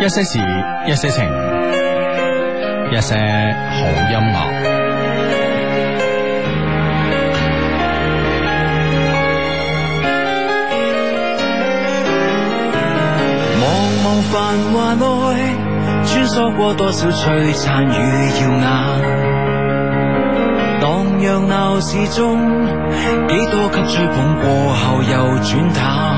一些事，一些情，一些好音樂。茫茫繁華內，穿梭過多少璀璨與耀眼，蕩漾鬧市中，幾多給追捧過後又轉淡。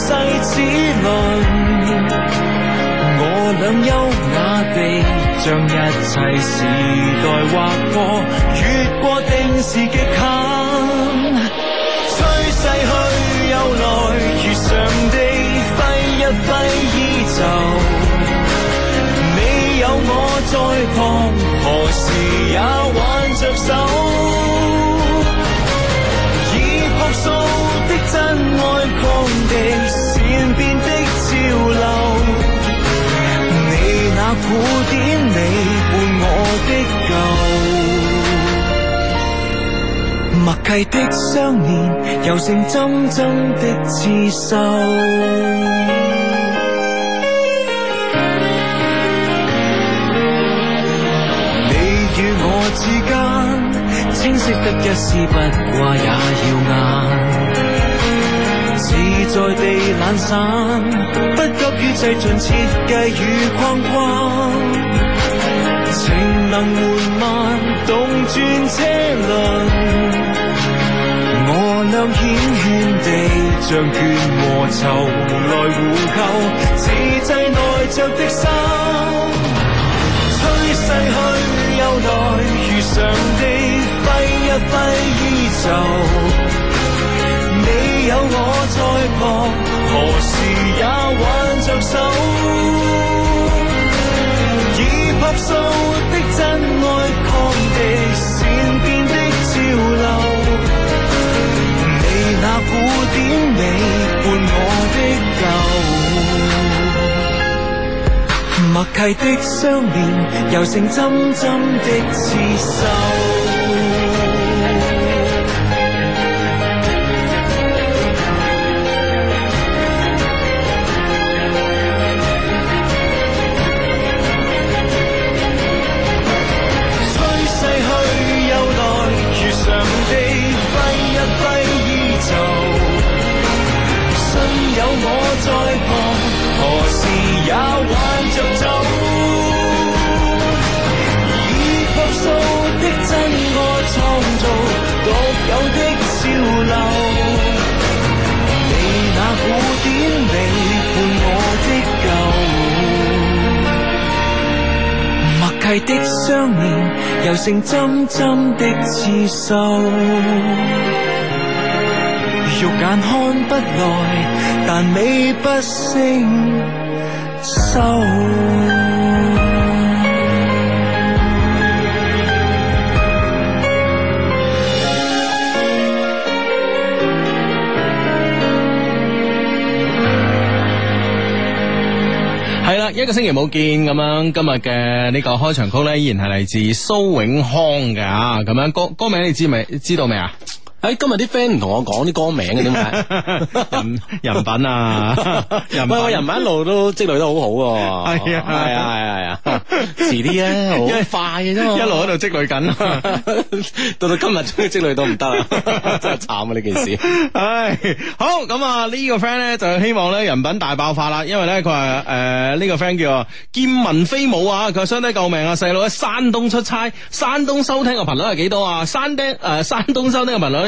世齒輪，我倆優雅地將一切時代劃過，越過定時極限，趨勢去又來，如常地揮一揮衣袖，你有我在旁，何時也挽着手。古典你伴我的舊，默契的相連，猶勝針針的刺繡。 你與我之間，清晰得一絲不掛也耀眼。在地懶散，不急於製造設計與框框。情能緩慢動轉車輪。我倆繾綣地將倦和愁來互救，自制內着的心。趨勢去又來，如上地揮一揮衣袖，你有我。秀的真愛，抗敵善變的潮流。你那古典美，伴我的舊。默契的相連，由情針針的刺繡。我在旁，何時也挽著走？以樸素的真我創造獨有的潮流。你那古典你伴我的舊，默契的雙眼，猶勝針針的刺繡，肉眼看不來。但美不勝收，係啦， 一個星期冇見咁樣，今日嘅呢個開場曲咧，依然係嚟自蘇永康嘅啊！咁樣，歌歌名你知未？知道未啊？哎，今日啲 friend 唔同我講啲歌名嘅，點解？ 人品啊，人品，唔係 我人品一路都積累得好好。係啊，係啊，係啊，遲啲啊，因為快嘅啫一路喺度積累緊， 到到今日終於積累到唔得啦， 真係慘啊！呢件事，唉， 好咁啊！個呢個 friend 咧就希望咧人品大爆發啦，因為咧佢話誒呢個 friend 叫劍文飛舞啊，佢話相低救命啊！細佬喺山東出差，山東收聽嘅頻率係幾多啊？山東誒，山東收聽嘅頻率。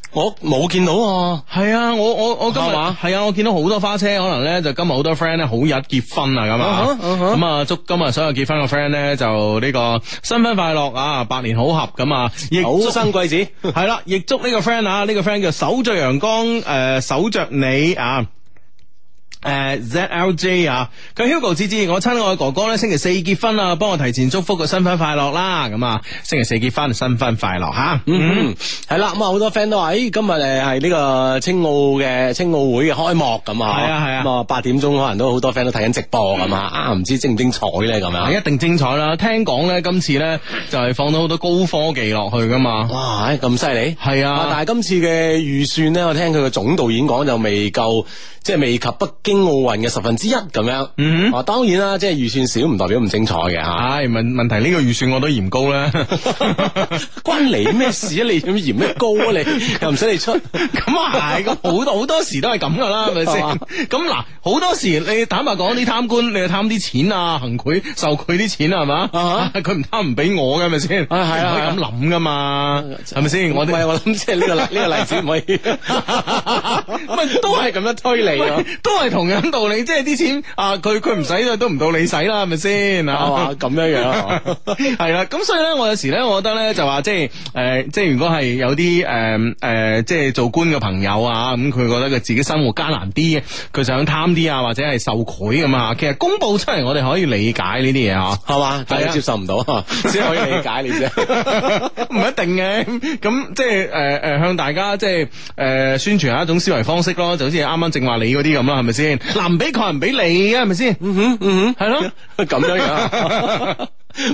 我冇見到、啊，係啊，我我我今日話係吧啊，我見到好多花車，可能咧就今日好多 friend 咧，好日結婚啊咁啊，咁啊、uh huh, uh huh. 祝今日所有結婚嘅 friend 咧就呢、這個新婚快樂啊，百年好合咁 啊，亦早生貴子，係啦，亦祝呢個 friend 啊，呢、這個 friend 叫守着陽光誒、呃，守着你啊。誒、uh,，ZLJ 啊，佢 Hugo 之之，我親愛我嘅哥哥咧星期四結婚啊，幫我提前祝福個新婚快樂啦。咁啊，星期四結婚新婚快樂吓、啊 mm hmm. 嗯，係啦，咁啊好多 friend 都話，誒，今日誒係呢個青奧嘅青奧會嘅開幕咁啊。係啊係啊，咁啊八點鐘可能都好多 friend 都睇緊直播係啊。啊唔、嗯、知精唔精彩咧咁樣、啊。一定精彩啦，聽講咧今次咧就係放到好多高科技落去噶嘛。哇，咁犀利。係啊。但係今次嘅預算咧，我聽佢個總導演講就未夠，即係未及北京。英奧運嘅十分之一咁樣，啊當然啦，即係預算少唔代表唔精彩嘅吓。係問問題，呢個預算我都嫌高啦，關你咩事啊？你咁嫌咩高啊？你又唔使你出，咁係個好多好多時都係咁噶啦，係咪先？咁嗱，好多時你坦白講，啲貪官你去貪啲錢啊，行賄受賄啲錢啊係嘛？佢唔貪唔俾我嘅係咪先？啊係啊，咁諗噶嘛，係咪先？我唔係我諗，即係呢個呢個例子唔可以，唔係都係咁樣推理，都係同。同樣道理，即係啲錢啊，佢佢唔使都唔到你使啦，係咪先啊？咁 樣樣係啦，咁 所以咧，我有時咧，我覺得咧，就話即係誒，即係、呃、如果係有啲誒誒，即係做官嘅朋友啊，咁佢覺得佢自己生活艱難啲，佢想貪啲啊，或者係受賄咁啊，其實公佈出嚟，我哋可以理解呢啲嘢啊，係嘛？大家接受唔到，啊，先可以理解你啫，唔 一定嘅。咁即係誒誒，向大家即係誒宣傳一種思維方式咯，就好似啱啱正話你嗰啲咁啦，係咪先？ 嗱唔俾佢，唔俾你啊，係咪先？嗯哼，嗯哼，係咯的，咁樣樣。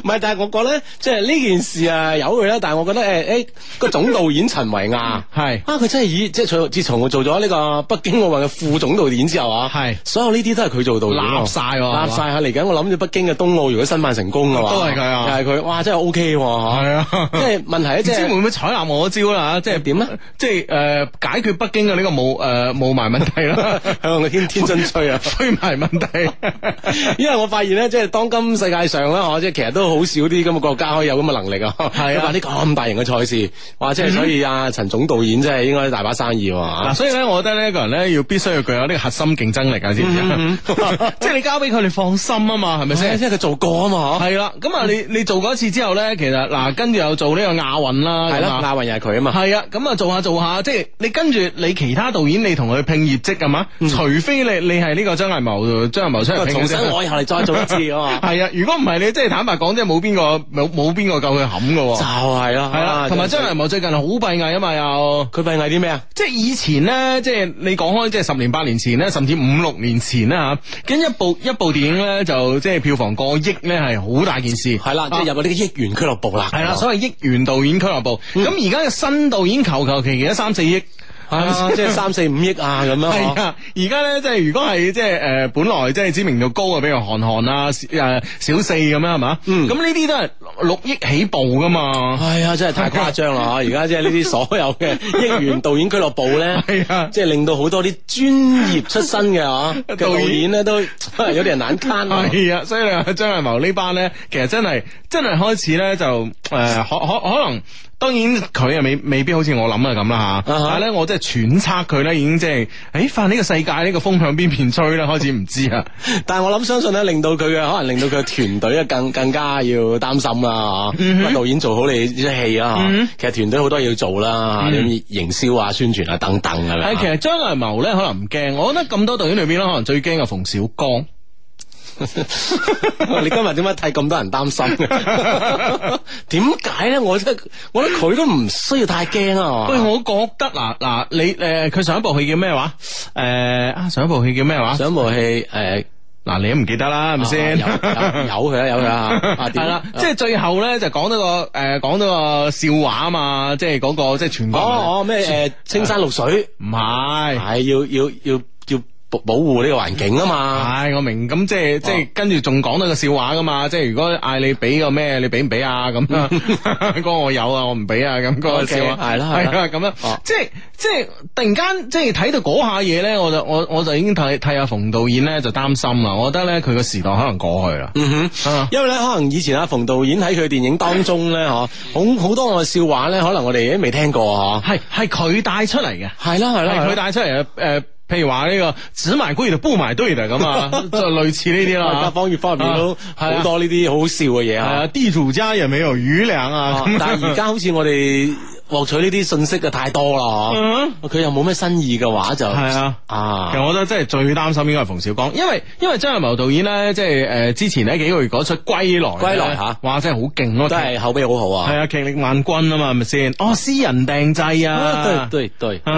唔係，但係我覺得即係呢件事啊，有佢啦。但係我覺得誒誒，個總導演陳維亞係啊，佢真係以即係從自從我做咗呢個北京奧運嘅副總導演之後啊，係所有呢啲都係佢做導演，攬晒，攬晒吓。嚟緊我諗住北京嘅冬奧如果申辦成功嘅話，都係佢啊，係佢哇，真係 O K 嘅吓。係啊，即係問題咧，即係會唔會採納我招啦，即係點呢？即係誒，解決北京嘅呢個霧誒霧霾問題啦，向天天津吹啊，灰霾問題。因為我發現呢，即係當今世界上咧，我即係都好少啲咁嘅國家可以有咁嘅能力啊！係啊，啲咁大型嘅賽事，哇！即係所以阿陳總導演真係應該大把生意喎。嗱，所以咧，我覺得呢一個人咧要必須要具有呢個核心競爭力啊，知唔知？即係你交俾佢你放心啊嘛，係咪先？即係佢做過啊嘛，嗬。係啦，咁啊，你你做過一次之後咧，其實嗱，跟住又做呢個亞運啦，係啦，亞運又係佢啊嘛。係啊，咁啊，做下做下，即係你跟住你其他導演，你同佢拼業績啊嘛？除非你你係呢個張藝謀，張藝謀出嚟拼先。我以後嚟再做一次啊嘛。係啊，如果唔係你即係坦白。講真係冇邊個冇冇邊個夠佢冚噶，就係啦，係啦，同埋張藝謀最近好閉翳啊嘛又，佢閉翳啲咩啊？即係以前咧，即係你講開，即係十年八年前咧，甚至五六年前啦吓，咁一部一部電影咧就即係票房過億咧係好大件事，係啦，即係入咗呢個億元俱樂部啦，係啦，了所謂億元導演俱樂部。咁而家嘅新導演求求其其三四億。啊，即係三四五億啊，咁樣嗬。係啊，而家咧，即係如果係即係誒，本來即係知名度高啊，比如韓寒啊，誒、呃、小四咁樣係嘛。嗯。咁呢啲都係六億起步噶嘛。係啊，真係太誇張啦嗬。而家 即係呢啲所有嘅億元導演俱樂部咧，係 啊，即係令到好多啲專業出身嘅啊 導演咧，都有啲人難堪。係 啊，所以阿張藝謀呢班咧，其實真係真係開始咧就誒、呃、可可可能。當然佢啊未未必好似我諗啊咁啦吓，uh huh. 但係咧我真係揣測佢咧已經即、就、係、是，誒發現呢個世界呢、呢個風向邊邊吹啦，開始唔知啊。 但係我諗相信咧，令到佢嘅可能令到佢嘅團隊啊更更加要擔心啦，吓、mm。Hmm. 導演做好你啲戲啦，mm hmm. 其實團隊好多嘢要做啦，吓啲營銷啊、宣傳啊等等噶啦。其實張藝謀咧可能唔驚，我覺得咁多導演裏邊咧可能最驚係馮小剛。 你今日點解替咁多人擔心嘅？點解咧？我得，我覺得佢都唔需要太驚啊！喂，我覺得嗱嗱、啊， 你誒，佢、呃、上一部戲叫咩話？誒、呃、啊，上一部戲叫咩話？上一部戲誒，嗱、呃啊，你都唔記得啦，係咪先？有有佢啦，有佢啦，係啦。即係最後咧，就講到個誒，講、呃、到個笑話啊嘛。即係嗰、那個即係全哦哦咩誒，青山綠水唔係，係要要要。要要要要要要要保保護呢個環境啊嘛，係我明，咁即係即係跟住仲講到個笑話噶嘛，即係如果嗌你俾個咩，你俾唔俾啊咁，講我有啊，我唔俾啊咁嗰個笑話，係啦係啦咁樣，即係即係突然間即係睇到嗰下嘢咧，我就我我就已經睇睇下馮導演咧就擔心啦，我覺得咧佢個時代可能過去啦，哼，因為咧可能以前阿馮導演喺佢電影當中咧嗬，好好多我嘅笑話咧，可能我哋都未聽過吓，係係佢帶出嚟嘅，係啦係啦，佢帶出嚟嘅誒。譬如話呢、這個只買貴的不買對的咁啊， 就類似呢啲啦。家 方越方面都好多呢啲好笑嘅嘢啊。係 啊，啊，地主家也沒有餘糧啊。咁、啊、 但係而家好似我哋。獲取呢啲信息嘅太多啦！佢又冇咩新意嘅話就係啊啊！其實我覺得真係最擔心應該係馮小剛，因為因為張藝謀導演咧，即係誒之前呢幾個月嗰出歸來歸來吓，哇真係好勁咯，都係口碑好好啊！係啊，劇力萬鈞啊嘛，係咪先？哦，私人訂製啊！對對對，係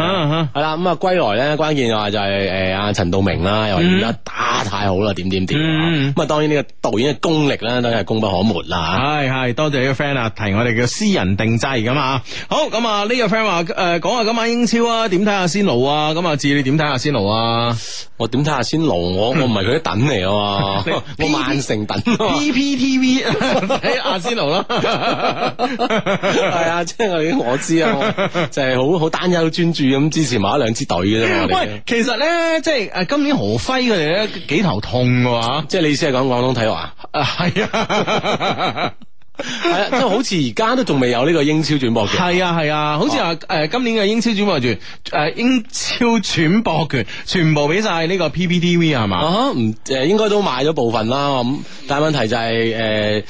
啦咁啊歸來咧，關鍵話就係誒阿陳道明啦，又話而家打太好啦，點點點咁啊！當然呢個導演嘅功力咧都係功不可沒啦！係係多謝呢個 friend 啊，提我哋叫私人訂製噶嘛，好咁啊！呢個 friend 話誒，講下今晚英超啊，點睇阿仙奴啊？咁啊，志你點睇阿仙奴啊？我點睇阿仙奴？我我唔係佢啲躉嚟啊！ 我曼城躉、啊、 ，PPTV 睇阿仙奴咯。係啊，即係我知啊，就係好好擔憂、專注咁支持埋一兩支隊嘅啫。喂，其實咧，即係誒，今年何輝佢哋咧幾頭痛嘅話、啊， 即係你意思係講廣東體育 啊？是啊，係啊。係 啊，即係、啊、好似而家都仲未有呢個英超轉播權。係啊係啊，好似話誒今年嘅英超轉播權，誒英超轉播權全部俾晒呢個 PPTV 係嘛？啊哈，唔誒應該都買咗部分啦。咁但係問題就係誒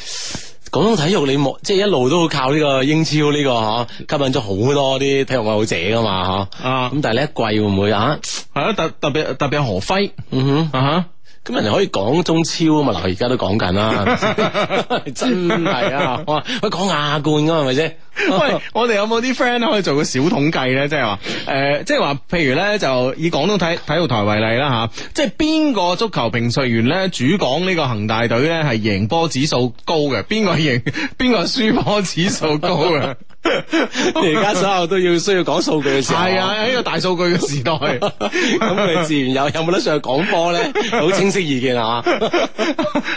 廣東體育你冇，即係一路都靠呢個英超呢個嗬，吸引咗好多啲體育愛好者噶嘛嗬。啊，咁但係呢一季會唔會啊？係啊，特別特別特別係何輝。啊、嗯哼，啊咁人哋可以講中超在在講 啊嘛，嗱佢而家都講緊啦，真係啊我話！佢講亞冠噶嘛，係咪先？ 喂，我哋有冇啲 friend 可以做個小統計咧？即係話誒，即係話，譬、就是、如咧就以廣東體體育台為例啦吓，即係邊個足球評述員咧主講呢個恒大隊咧係贏波指數高嘅，邊個贏邊個輸波指數高嘅？ 而家 所有都要需要講數據嘅時候，係啊，喺 呢個大數據嘅時代，咁佢 自然有 有冇得上去講波咧？好 清晰意見 啊！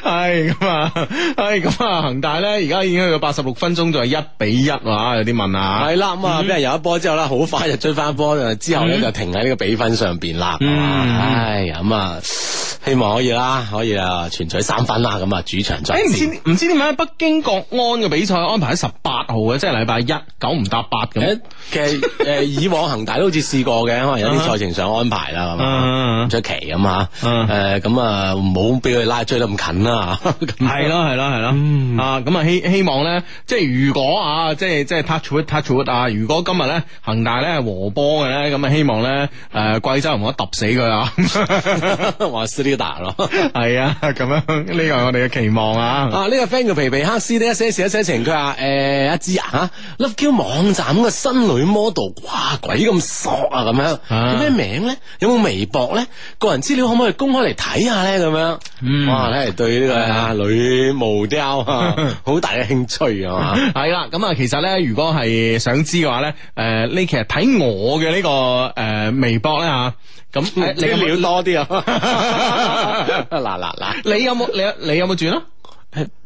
係咁啊，係咁啊，恒大咧，而家已經去到八十六分鐘，仲係一比一啊！有啲問啊，係啦，咁啊，俾人有一波之後咧，好快就追翻波，之後咧就停喺呢個比分上邊啦。唉，咁啊。希望可以啦，可以啊，全取三分啦，咁啊，主場再。誒，唔知唔知點解北京國安嘅比賽安排喺十八號嘅，即係禮拜一九唔搭八咁。其實誒，以往恒大都好似試過嘅，可能 有啲賽程上安排啦，咁啊唔出奇咁啊，誒，咁啊，唔好俾佢拉追得咁近啦。係咯，係咯，係咯。啊，咁 啊希 希望咧，即係如果啊，即係即係 touch wood touch wood 啊，如果今日咧恒大咧係和波嘅咧，咁啊希望咧誒貴州唔好揼死佢啊。 咯，係啊，咁樣呢個係我哋嘅期望啊。啊，呢個 friend 叫皮皮克斯，呢、呃、一寫寫一寫情，佢話誒一支啊，Love Q 網站嘅新女 model 哇，鬼咁索啊，咁樣叫咩、啊、名咧？有冇微博咧？個人資料可唔可以公開嚟睇下咧？咁樣，嗯、哇咧，對呢個女 model 好、啊、大嘅興趣啊。係啦， 咁啊，其實咧，如果係想知嘅話咧，誒，你其實睇我嘅呢個誒微博咧啊。咁你料多啲啊！嗱嗱嗱，你有冇你你有冇轉啊？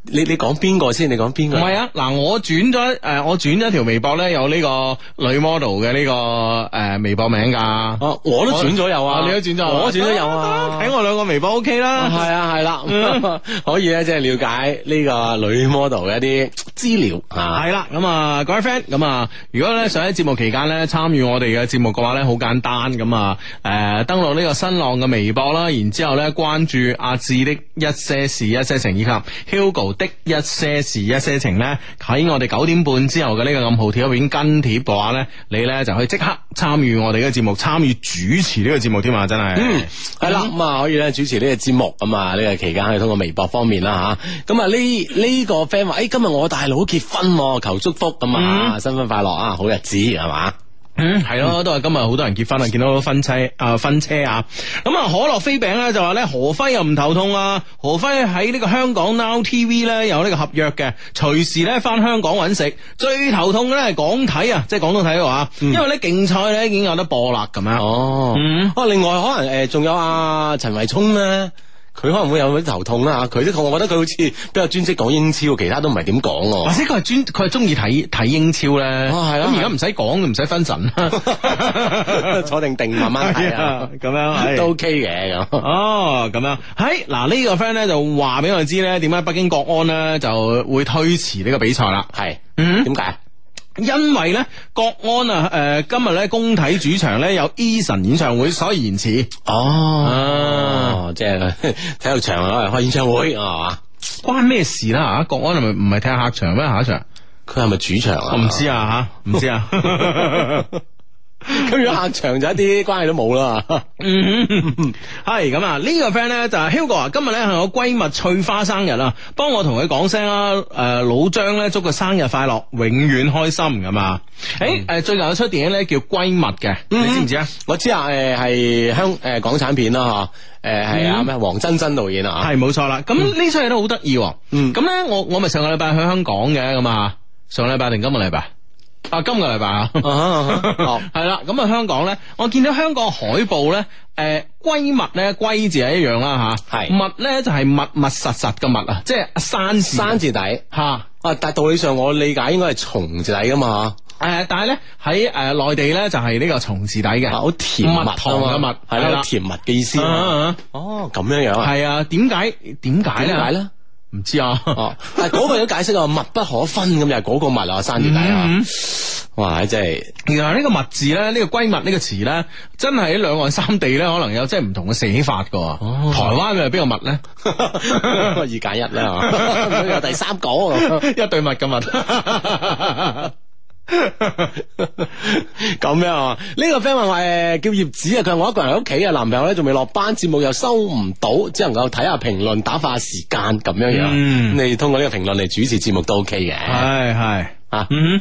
你你講邊個先？你講邊個？唔係啊，嗱、呃，我轉咗誒，我轉咗條微博咧，有呢個女 model 嘅呢個誒微博名噶。哦、啊，我都轉咗有啊，你都轉咗，我轉咗有啊，睇我兩、啊啊啊、個微博 O K 啦。係啊，係啦、啊，啊嗯、 可以咧，即係了解呢個女 model 嘅一啲資料。 啊，係啦，咁啊各位 friend，咁啊，啊 ind, 如果咧想喺節目期間咧參與我哋嘅節目嘅話咧，好簡單，咁啊，誒登錄呢個新浪嘅微博啦，然之後咧關注阿志的一些事一些情以及 Hugo。的一些事、一些情呢，喺我哋九點半之後嘅呢個暗號貼入邊跟貼嘅話呢，你呢就可以即刻參與我哋嘅節目，參與主持呢個節目添啊！真係，嗯，係啦、嗯，咁啊可以呢主持呢個節目啊嘛，呢、呢個期間可以通過微博方面啦吓。咁啊呢呢個 friend 話，哎，今日我大佬結婚、啊，求祝福咁啊，新婚、嗯、快樂啊，好日子係嘛？嗯，係咯，都係今日好多人結婚啊，見到婚車啊、婚、呃、車啊，咁啊可樂飛餅咧就話咧何輝又唔頭痛啊，何輝喺呢個香港 now TV 咧有呢個合約嘅，隨時咧翻香港揾食，最頭痛嘅咧港體啊，即係廣東體嘅話，嗯、因為咧競賽咧已經有得播啦咁樣。哦，哦、嗯，另外可能誒仲有啊，陳慧聰咧。佢可能會有啲頭痛啦嚇，佢啲我覺得佢好似比較專職講英超，其他都唔係點講喎。或者佢係專，佢係中意睇睇英超咧。哦，係啊，咁而家唔使講，唔使分神， 坐定定慢慢睇啊，咁樣都 OK 嘅咁。哦，咁樣係嗱，呢個 friend 咧就話俾我知咧，點解北京國安咧就會推遲呢個比賽啦？係，嗯，點解？因為咧國安啊，誒、呃、今日咧工體主場咧有 Eason 演唱會，所以延遲。哦，啊、即係體育場攞嚟開演唱會，啊，關咩事啦？吓，國安係咪唔係踢下客場咩？下一場佢係咪主場啊？我唔知啊，吓唔知啊。 跟住下場就一啲關係都冇啦。 嗯，係咁啊，呢個 friend 咧就 Hugo 啊，今日咧係我閨蜜翠花生日啊，幫我同佢講聲啊。誒，老張咧祝佢生日快樂，永遠開心咁啊。誒，誒，最近有出電影咧叫《閨蜜》嘅，嗯、你知唔知啊？我知啊，誒，係香誒港產片咯嗬。誒，係阿咩黃真真導演啊？係、嗯，冇錯啦。咁呢出嘢都好得意。嗯。咁咧，我我咪上個禮拜去香港嘅，咁啊，上個禮拜定今日禮拜？啊，今個禮拜啊，係啦，咁啊香港咧，我見到香港海報咧，誒、呃，閨蜜咧閨字係一樣啦吓，密咧就係密密實實嘅密，啊、就是，即係山山字底吓，啊但係道理上我理解應該係虫字底噶嘛，誒，但係咧喺誒內地咧就係呢個虫字底嘅，好甜蜜嘅蜜，蜜，有、啊、甜蜜嘅意思，哦咁樣樣，係啊，點解點解點解咧？哦唔知啊，但係嗰個都解釋啊，密不可分咁又嗰個密啊，山月底啊，嗯、哇！真係，原來呢個密字咧，呢、這個閨蜜呢個詞咧，真係喺兩岸三地咧，可能有即係唔同嘅寫法噶。哦嗯、台灣嘅係邊個密咧？ 二揀一啦，有、啊、第三個， 一對密嘅密。 咁 樣啊？呢、這個 friend 話誒，叫葉子啊，佢係我一個人喺屋企啊，男朋友咧仲未落班，節目又收唔到，只能夠睇下評論打發時間咁樣樣、啊。嗯，你通過呢個評論嚟主持節目都 OK 嘅。係係啊。嗯。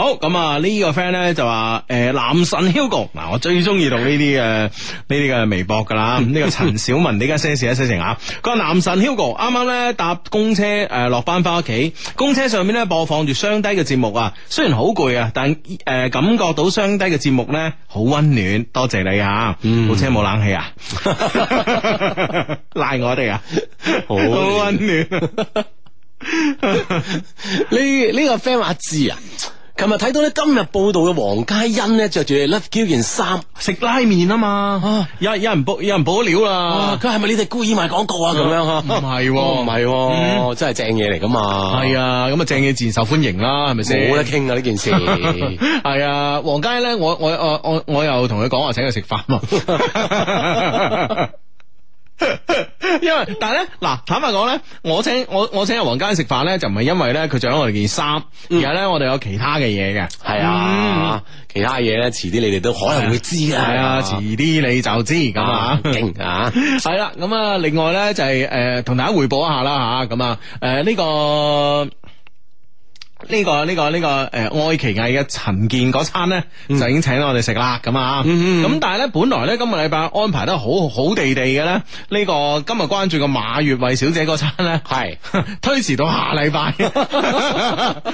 好咁啊！呢、這個 friend 咧就話誒，男神 Hugo 嗱，我最中意讀呢啲誒，呢啲嘅微博噶啦。咁呢 個陳小文，你而家些事啊，些情啊。個男神 Hugo 啱啱咧搭公車誒落班翻屋企，公車上面咧播放住雙低嘅節目啊。雖然好攰啊，但誒感覺到雙低嘅節目咧好溫暖。多謝 你啊，部車冇冷氣啊，賴我哋啊，好溫暖。呢呢個 friend 話知啊。琴日睇到咧，今日報道嘅黃嘉欣呢，着住 love key 件衫食拉麵啊嘛，啊有有人報有人報料啦，佢係咪你哋故意賣廣告啊？咁樣吓，唔係、啊，唔係、哦，啊嗯、真係正嘢嚟噶嘛，係啊，咁啊正嘢自然受歡迎啦，係咪先？冇得傾啊呢件事，係 啊，黃嘉欣咧，我我我我我又同佢講話，請佢食飯。 因為，但係咧，嗱，坦白講咧，我請我我請黃家食飯咧，就唔係因為咧佢着咗我哋件衫，嗯、而係咧我哋有其他嘅嘢嘅，係啊，嗯、其他嘢咧，遲啲你哋都可能會知啊。係啊，遲啲、啊、你就知咁啊，勁啊，係啦、啊，咁 啊，另外咧就係誒同大家匯報一下啦吓，咁啊，誒、呃、呢、呢個。呢個呢個呢個誒，愛奇藝嘅陳健嗰餐咧，就已經請到我哋食啦，咁啊，咁但係咧，本來咧今日禮拜安排得好好地地嘅咧，呢個今日關注個馬月慧小姐嗰餐咧，係推遲到下禮拜。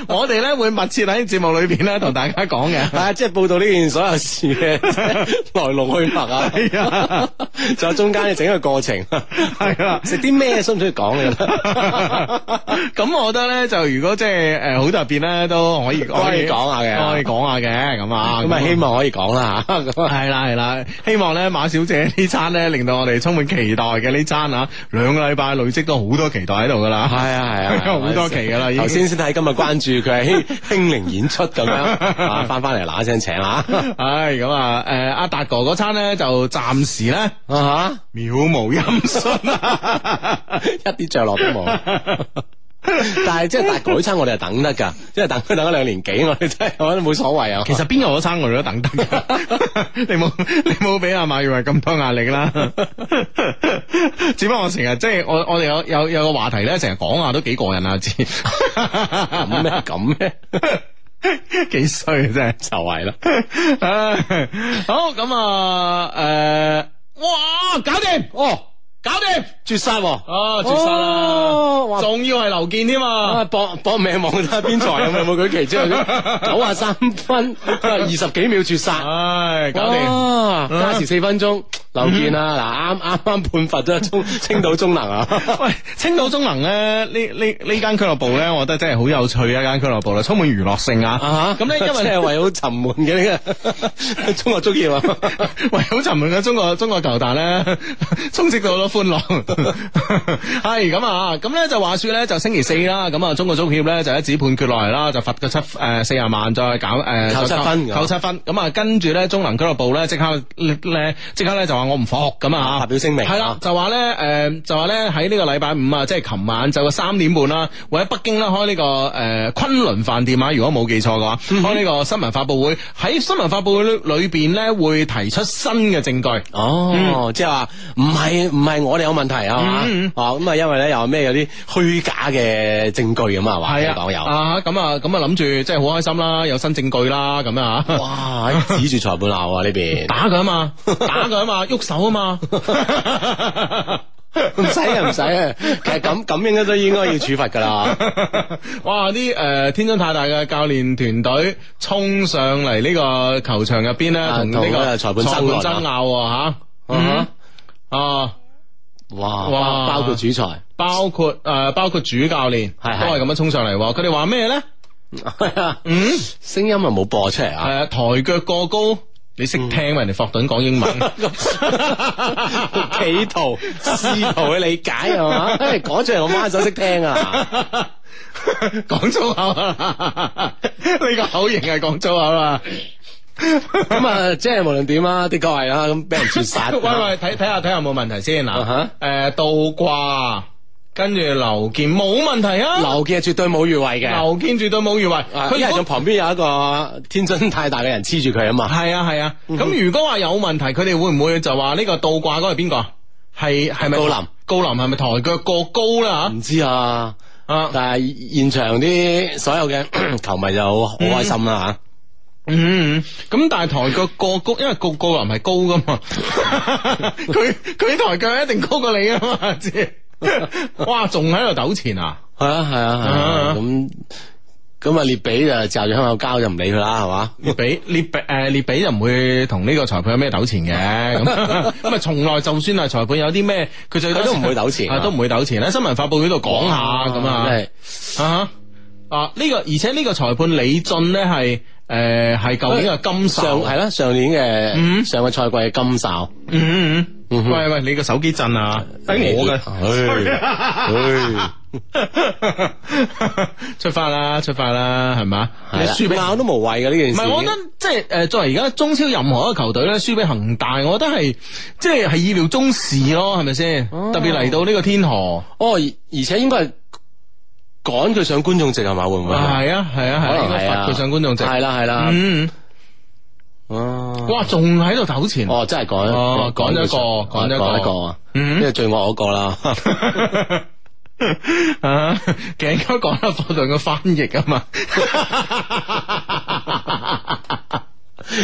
我哋咧會密切喺節目裏邊咧同大家講嘅，即係報道呢件所有事嘅來龍去脈啊，仲有中間嘅整個過程，係啊，食啲咩，需唔需要講嘅咧？咁我覺得咧，就如果即係誒，好多。入邊咧都可以可以講下嘅，可以講下嘅咁啊，咁啊希望可以講啦吓，係啦係啦，希望咧馬小姐呢餐咧令到我哋充滿期待嘅呢餐啊，兩個禮拜累積都好多期待喺度噶啦，係啊係啊，好多期噶啦。頭先先睇今日關注佢係興興靈演出咁樣，翻翻嚟嗱一聲請啊，係咁啊，誒阿達哥嗰餐咧就暫時咧啊，渺無音訊啊，一啲着落都冇。 但係即係大改餐，我哋係等得噶，即係等佢等咗兩年幾，我哋真係我諗冇所謂啊。其實邊個都撐我哋都等得 你，你冇你冇俾阿馬玉慧咁多壓力啦。 只不過我成日即係我我哋有有有個話題咧，成日講下都幾過癮 啊！知咩咁咩？幾衰啊！真係就係啦。好咁啊！誒，哇，搞掂哦！搞掂絕殺哦，絕殺啦！仲要係劉健添啊，搏搏命望睇下邊裁有冇舉旗出嚟？九啊三分，二十幾秒絕殺！唉，搞掂！加時四分鐘，劉健啊，嗱啱啱啱判罰咗青青島中能啊！喂，青島中能咧呢呢呢間俱樂部咧，我覺得真係好有趣一間俱樂部啦，充滿娛樂性啊！咁咧因為你係為好沉悶嘅呢個中國足球啊，為好沉悶嘅中國中國球壇咧，充斥到咯。歡樂係咁啊，咁咧就話說咧就星期四啦，咁啊中國足協咧就一紙判決落嚟啦，就罰佢七誒四廿萬，再搞誒扣、呃、七,七分，扣七分咁啊，跟住咧中能俱樂部咧即刻咧即刻咧就話我唔服咁啊，發表聲明係、啊、啦，就話咧誒就話咧喺呢個禮拜五啊，即係琴晚就三點半啦，會喺北京啦開呢、這個誒、呃、昆崙飯店啊，如果冇記錯嘅話，開呢個新聞發布會喺新聞發布會裏邊咧會提出新嘅證據、嗯、哦，即係話唔係唔係。我哋有問題啊嘛，啊咁、嗯、啊，因為咧又咩有啲虛假嘅證據咁啊嘛，講、啊、有啊咁啊咁啊諗住即係好開心啦，有新證據啦咁啊，哇！哎、指住裁判鬧啊呢邊，邊打佢啊嘛，打佢啊嘛，喐 手啊嘛，唔使 啊唔使啊，啊，其實咁咁樣，樣應該都應該要處罰噶啦，哇！啲誒、呃、天津太大嘅教練團隊衝上嚟呢個球場入邊咧，同你個裁判爭拗吓、啊，啊。啊啊啊哇哇！包括主裁，包括誒、呃，包括主教練，是的 都係咁樣衝上嚟。佢哋話咩咧？嗯， 聲音又冇播出嚟啊！係啊、呃，抬腳過高，你識聽嘛？ 人哋霍頓講英文， 企圖試圖去理解係嘛？講、哎、出嚟我媽就識聽啊！講粗口啊！呢個口型係講粗口啊！咁啊，即係無論點啊，的確係啊，咁俾人絕殺。喂喂，睇睇下睇下有冇問題先啊。誒，倒掛，跟住劉健冇問題啊。劉健係絕對冇越位嘅。劉健絕對冇越位。佢係仲旁邊有一個天津泰達嘅人黐住佢啊嘛。係啊係啊。咁如果話有問題，佢哋會唔會就話呢個倒掛嗰個邊個？係係咪高林？高林係咪抬腳過高啦？唔知啊。啊。但係現場啲所有嘅球迷就好開心啦吓。嗯，咁但係抬腳過高，因為個個人唔係高噶嘛，佢佢抬腳一定高過你噶嘛，哇，仲喺度糾纏啊？係啊，係啊，咁咁啊，列比就嚼住香口膠，就唔理佢啦，係嘛？列比列比誒，列比就唔會同呢個裁判有咩糾纏嘅，咁咁啊，從來就算係，裁判有啲咩，佢最多都唔會糾纏，都唔會糾纏喺新聞發布會度講下咁啊，啊呢個，而且呢個裁判李俊呢係。誒，係舊年嘅金哨，係啦上年嘅上個賽季嘅金哨。喂喂，你個手機震啊！等我嘅，出發啦，出發啦，係咪？你輸俾我都無謂嘅呢件事。唔係，我覺得即係誒，作為而家中超任何一個球隊咧，輸俾恒大，我覺得係即係係意料中事咯，係咪先？特別嚟到呢個天河。哦，而且應該。趕佢上觀眾席係嘛，會唔會係啊？係啊係啊，罰佢上觀眾席。係啦係啦，嗯，哇，仲喺度糾纏哦，真係趕哦，趕咗個，趕咗個，因為罪惡嗰個啦，啊，頸哥趕咗課堂嘅翻譯啊嘛。 今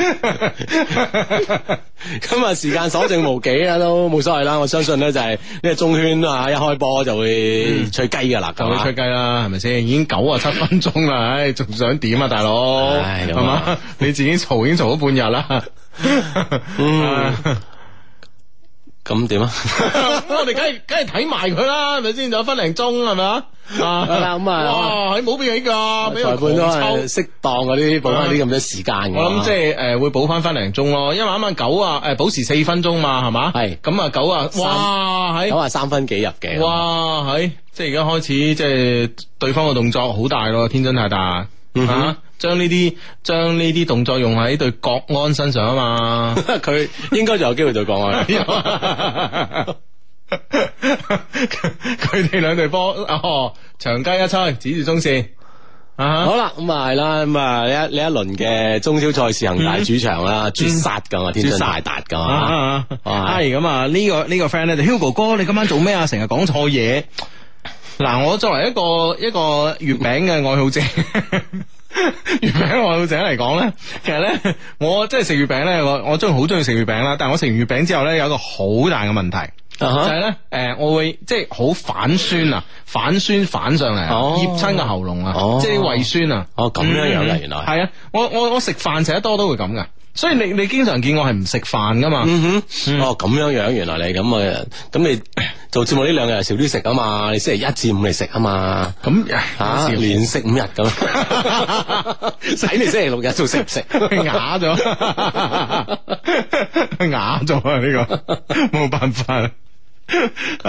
日時間所剩無幾啦，都冇所謂啦。我相信咧，就係呢個中圈啊，一開波就會吹雞噶啦，咁會、嗯、樣吹雞啦，係咪先？已經九啊七分鐘啦，唉、哎，仲想點啊，大佬？係嘛、哎，是是嗯、你自己嘈已經嘈咗半日啦。咁點啊？咁 我哋梗係梗係睇埋佢啦，係咪先？仲有分零鐘係咪啊？係咁啊， 哇！喺冇好變起佢啊！ 裁判都係適當啲補翻啲咁多時間嘅、嗯。我諗即係誒、呃，會補翻分零鐘咯，因為啱啱九啊，誒、呃，保持四分鐘嘛，係嘛？係是。咁啊、嗯，九啊，哇！係九啊三分幾入嘅。哇、嗯！係、嗯，即係而家開始，即係對方嘅動作好大咯，天真太大，大，嗯、啊、哼。 將呢啲將呢啲動作用喺對國安身上啊嘛， 該上嘛， 佢應該就有機會再降啊！佢哋兩隊波哦，長街一猜，指住中線好啦，咁啊係啦，咁啊呢一呢一輪嘅中超賽事恒大主場啦，絕殺咁啊，天津泰達咁啊！係咁啊，這個這個、呢個呢個 friend 咧就 Hugo 哥，你今晚做咩啊？成日講錯嘢嗱，我作為一個一個月餅嘅愛好者。 月餅我老姐嚟講咧，其實咧我即係食月餅咧，我我真係好中意食月餅啦。但係我食完月餅之後咧，有一個好大嘅問題，uh huh. 就係咧誒，我會即係好反酸啊，反酸反上嚟，醃親個喉嚨啊，即係、oh. 胃酸啊。哦咁、oh. 嗯、樣樣啦，原來係啊，我我我食飯食得多都會咁噶。所以你你經常見我係唔食飯噶嘛？嗯哼嗯、哦，咁樣樣，原來你咁啊？咁你做節目呢兩日少啲食啊嘛？你星期一至五嚟食啊嘛？咁啊，少少連食五日咁，使 你星期六日做食唔食？啞咗 啞了，啞咗啊！呢、這個冇辦法啦。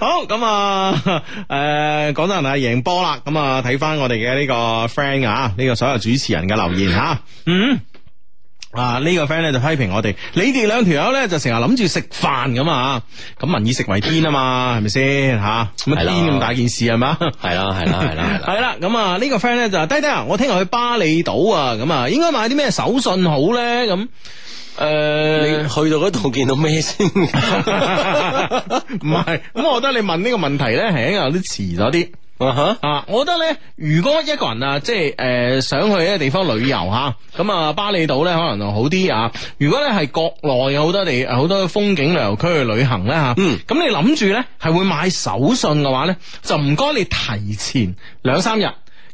好咁啊，誒、嗯，講到係贏波啦。咁啊，睇翻我哋嘅呢個 friend 啊，呢個所有主持人嘅留言吓，嗯。嗯啊！這個、友呢個 friend 咧就批評我哋，你哋兩條友咧就成日諗住食飯咁啊！咁民以食為天啊嘛，係咪先吓？咁、啊、天咁大件事係嘛？係啦係啦係啦係啦。係啦咁啊呢個 friend 咧就：，滴滴一琴啊，這個、看看我聽日去巴厘島啊，咁啊應該買啲咩手信好咧？咁、嗯，誒，呃、你去到嗰度見到咩先？唔係，咁一琴 我覺得你問呢個問題咧，係啱有啲遲咗啲。啊哈啊！我覺得咧，如果一個人啊，即係誒、呃、想去一個地方旅遊吓，咁啊巴厘島咧可能就好啲啊。如果咧係國內有好多地，好多風景旅遊區去旅行咧吓，啊、嗯，咁你諗住咧係會買手信嘅話咧，就唔該你提前兩三日。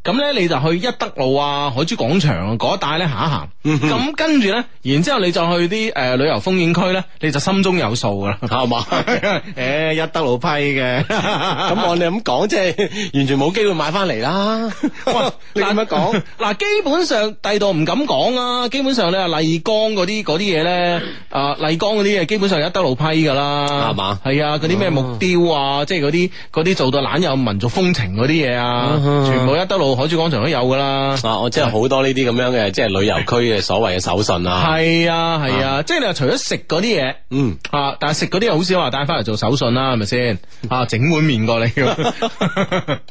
咁咧你就去一德路啊，海珠廣場啊一帶咧行一行，咁跟住咧，然之後你就去啲誒旅遊風景區咧，你就心中有數噶啦，係嘛？誒一德路批嘅，咁我哋咁講，即係完全冇機會買翻嚟啦。喂，你點樣講？嗱，基本上低到唔敢講啊。基本上咧，麗江嗰啲嗰啲嘢咧，啊麗江嗰啲嘢基本上一德路批噶啦，係嘛？係啊，嗰啲咩木雕啊，即係嗰啲嗰啲做到懶有民族風情嗰啲嘢啊，全部一德路。海珠廣場都有噶啦，啊！我真係好多呢啲咁樣嘅，是即係旅遊區嘅所謂嘅手信啊。係啊，係啊，嗯、即係你話除咗食嗰啲嘢，嗯啊，但係食嗰啲又好少話帶翻嚟做手信啦，啊，係咪先啊？整碗麵過嚟。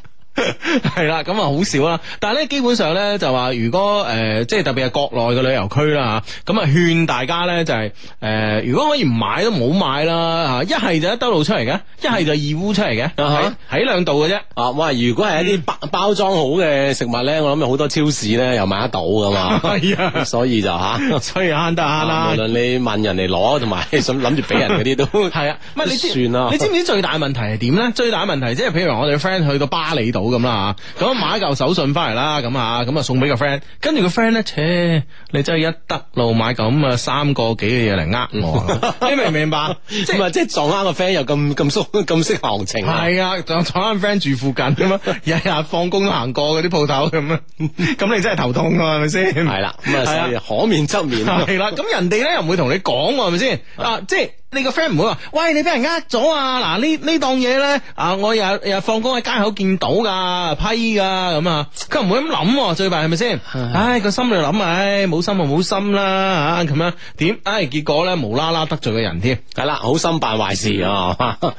係啦，咁啊好少啦，但係咧基本上咧就話，如果誒即係特別係國內嘅旅遊區啦吓，咁啊勸大家咧就係誒如果可以唔買都唔好買啦吓，一係就一兜路出嚟嘅，一係就義烏出嚟嘅，喺兩度嘅啫啊，哇！如果係一啲包包裝好嘅食物咧，我諗有好多超市咧又買得到噶嘛，係啊，所以就吓，所以慳得慳啦。無論你問人哋攞，同埋想諗住俾人嗰啲都係啊，唔你算咯，你知唔知最大嘅問題係點咧？最大嘅問題即係譬如我哋 friend 去到巴厘島。咁啦嚇，咁買一嚿手信翻嚟啦，咁啊咁啊送俾個 friend，跟住個 friend 咧，切你真係一德路買咁啊三個幾嘅嘢嚟呃，我，你明唔明白？咁啊，即係撞啱個 friend 又咁咁熟咁識行情，係啊，撞撞啱 friend 住附近咁啊，日日放工行過嗰啲鋪頭咁啊，咁你真係頭痛啊，係咪先？係啦，咁啊可面側面係啦，咁人哋咧又唔會同你講喎，係咪先啊？即係。你個 friend 唔會話，喂，你俾人呃咗啊！嗱，呢呢檔嘢咧，啊，我日日放工喺街口見到噶批噶咁啊，佢唔會咁諗喎，最弊係咪先？唉，個心喺度諗，唉，冇心就冇心啦，咁樣點？唉、哎，結果咧無啦啦得罪個人添，係啦，好心辦壞事啊！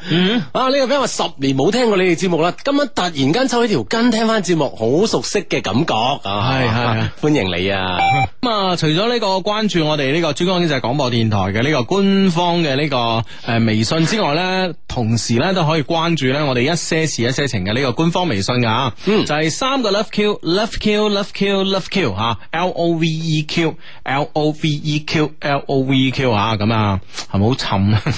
嗯，啊，呢、這個 friend 話十年冇聽過你哋節目啦，今晚突然間抽起條筋聽翻節目，好熟悉嘅感覺啊！係係、哎啊，歡迎你啊！咁啊，除咗呢個關注我哋呢、這個珠江經濟廣播電台嘅呢、這個官方嘅。呢個誒微信之外咧，同時咧都可以關注咧我哋一些事一些情嘅呢個官方微信噶啊，嗯、就係三個 love q love q love q love q 吓，l o v e q l o v e q l o v e q 吓，咁啊係咪好沉？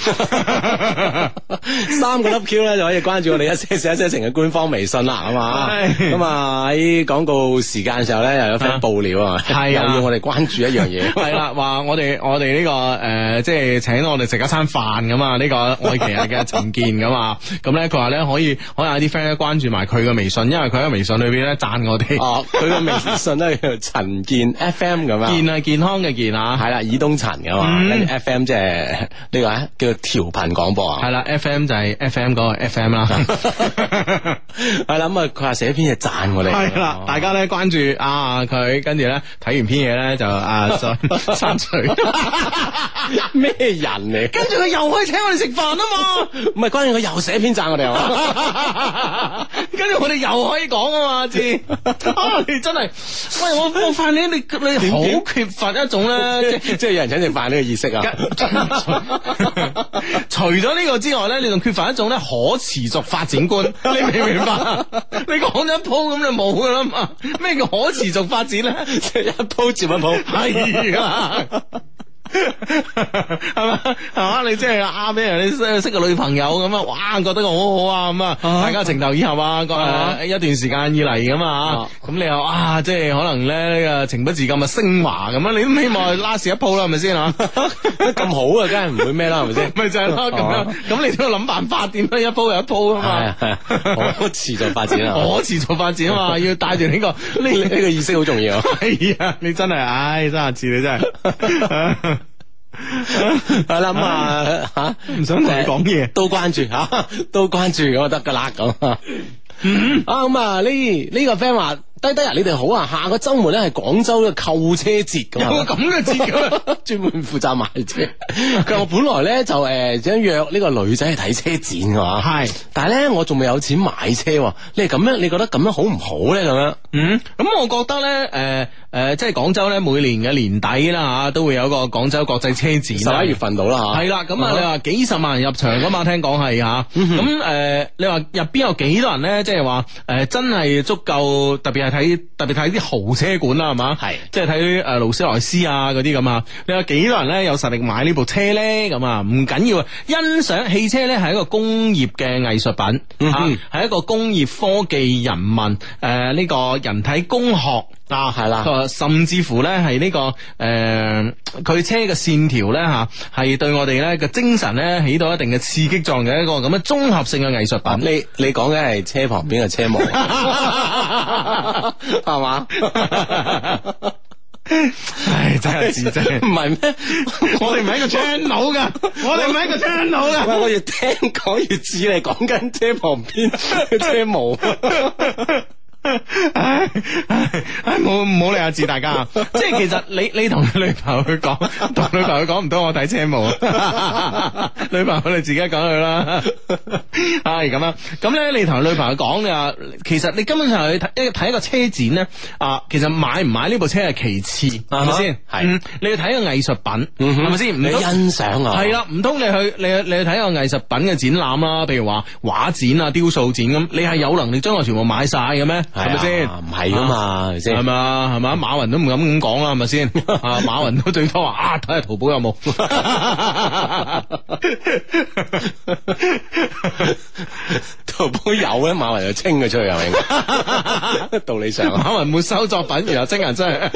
三下次 個 love q 咧就可以關注我哋一些事一些情嘅官方微信啦，係嘛唉，咁啊喺廣告時間嘅時候咧又有份爆料對啊，係又要我哋關注一樣嘢，係啦 對 réussi，話我哋我哋呢、這個誒即係請我哋食一。餐飯噶嘛？呢、這個愛奇藝嘅陳健噶嘛？咁咧佢話咧可以可以有啲 friend 關注埋佢嘅微信，因為佢喺微信裏邊咧讚我哋。哦，佢嘅微信咧叫陳健 F M 咁啊。健係健康嘅健啊。係、 嗯、啦，耳東陳噶嘛？跟住 F M 即係呢個咩？叫調頻廣播啊？係啦，F M 就係、是這個啊、F M 嗰個 F M 啦。係 啦，咁啊佢寫篇嘢讚我哋。係啦，哦、大家咧關注啊佢，跟住咧睇完篇嘢咧就啊就刪除。咩 人嚟？跟住佢又可以請我哋食飯啊嘛，唔係關鍵，佢又寫篇讚我哋啊，跟住我哋又可以講啊嘛，你 真係，喂我我發現你你好缺乏一種咧， 即係有人請食飯呢個意識啊， 除咗呢個之外咧，你仲缺乏一種咧可持續發展觀，你明唔明白？你講咗一鋪咁就冇噶啦嘛，咩叫可持續發展咧？食 一鋪接一鋪、 哎，係啊。係嘛，係嘛，你即係啱畀人你識個女朋友咁啊，哇，覺得我好好啊，咁啊，大家情投意合啊，一段時間以嚟咁啊，咁你又啊，即係可能咧，情不自禁啊，升華咁啊，你都希望拉屎一鋪啦，係咪先啊？咁好啊，梗係唔會咩啦，係咪先？咪就係咯，咁樣，咁你都要諗辦法，點樣一鋪又一鋪啊嘛，我持續發展啊，我持續發展啊，要帶住呢個呢呢個意識好重要。係啊，你真係，唉，真阿志你真係。係啦咁啊吓，唔想同你講嘢，都關注吓，都關注，我覺得噶啦咁啊。咁啊呢呢個 friend 話。低低啊！你哋好啊！下個周末咧係廣州嘅購車節噶嘛？有咁嘅節，專 門負責買車。其實 我本來咧就誒，想約呢個女仔去睇車展噶嘛。係。 但係咧，我仲未有錢買車。你咁樣，你覺得咁樣好唔好咧？咁樣？嗯，咁我覺得咧，誒、呃，誒、呃，即係廣州咧，每年嘅年底啦，吓、啊、都會有一個廣州國際車展，十一的月份到啦，吓的。係啦，咁啊，嗯、你話幾十萬人入場噶嘛？聽講係吓。咁誒、 呃，你話入邊有幾多人咧？即係話誒，真係足夠，特別係。睇特別睇啲豪車館啦，係嘛？係是，即係睇誒勞斯萊斯啊嗰啲咁啊。你有幾多人咧有實力買呢部車咧？咁啊，唔緊要。啊。欣賞汽車咧係一個工業嘅藝術品，嚇係、嗯哼啊、一個工業科技人文誒。呢、呃這個人體工學。啊，係啦，甚至乎咧、這個，係呢個誒，佢車嘅線條咧吓，係對我哋咧嘅精神咧起到一定嘅刺激狀嘅一個咁嘅綜合性嘅藝術品。嗯、你你講緊係車旁邊嘅車模，係嘛？唉，真係自責，唔係咩？ 我哋唔係一個 channel 噶， 我哋唔係一個 channel 噶。 我越聽講，越似你講緊車旁邊嘅車模。 唉，唉，唔好理阿志，大家， 即係其實你你同女朋友講，同女朋友講唔到我睇車模，女朋友你自己講佢啦，係咁啦，咁咧你同女朋友講啊，其實你根本上去睇一個睇一個車展咧，啊，其實買唔買呢部車係其次，係咪、啊、哈先？係，你要睇個藝術品，係咪先？你欣賞啊，係啦，唔通你去你你去睇個藝術品嘅展覽啦，譬如話畫展啊、雕塑展咁，你係有能力將我全部買晒嘅咩？係咪先？唔係㗎嘛，係咪啊？係咪啊？馬雲都唔敢咁講啦，係咪先？啊，馬雲都最多話啊，睇 下 淘寶有冇？淘寶有啊，馬雲就清佢出去啊？ 道理上、啊，馬雲沒收作品，又真啊真係。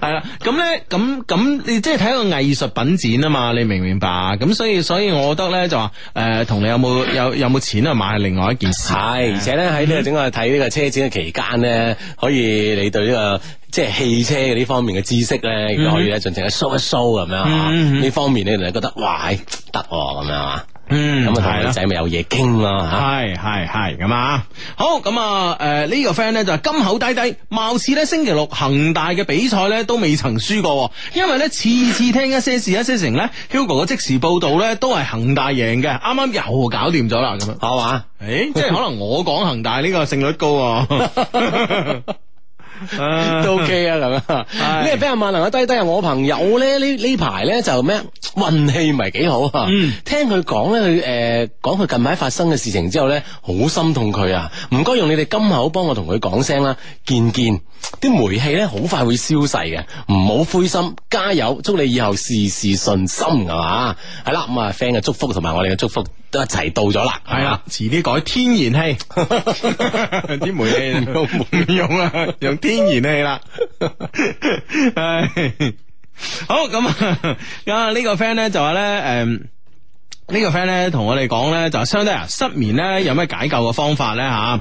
係 啦，咁咧，咁咁，你即係睇個藝術品展啊嘛，你明唔明白？咁所以，所以我覺得咧就話誒，同、呃、你有冇有有冇錢去、啊、買，另外一件事係，而且咧喺呢個整、整個睇呢個。車展嘅期間咧，可以你對呢個即係汽車嘅呢方面嘅知識咧，可以咧盡情去 show 一 show 咁樣吓。呢方面你哋覺得哇，唉得喎咁樣啊！嗯，咁啊係啦，仔咪有嘢傾咯吓，係係係咁啊，好咁啊，誒、呃這個、呢個 friend 咧就是、金口低低，貌似咧星期六恒大嘅比賽咧都未曾輸過，因為咧次次聽一些事一些情咧 Hugo 嘅即時報道咧都係恒大贏嘅，啱啱又搞掂咗啦咁啊，吓嘛、欸？誒，即係可能我講恒大呢個勝率高、啊。 都 OK 啊，咁啊，呢個是比較萬能啊，低低啊，我朋友咧呢呢排咧就咩運氣唔係幾好啊，嗯、聽佢講咧，佢誒講佢近排發生嘅事情之後咧，好心痛佢啊，唔該用你哋金口幫我同佢講聲啦，健健，啲霉氣咧好快會消逝嘅，唔好灰心，加油，祝你以後事事順心啊，係嘛，係啦，咁啊，friend 嘅祝福同埋我哋嘅祝福。都一齊到咗啦，係啦了，遲啲改天然氣，啲煤氣都唔用啊， 用天然氣啦。唉， 好咁啊，咁、這、啊、個，呢、嗯這個 friend 咧就話咧，誒，呢個 friend 咧同我哋講咧就相對啊失眠咧有咩解救嘅方法咧吓？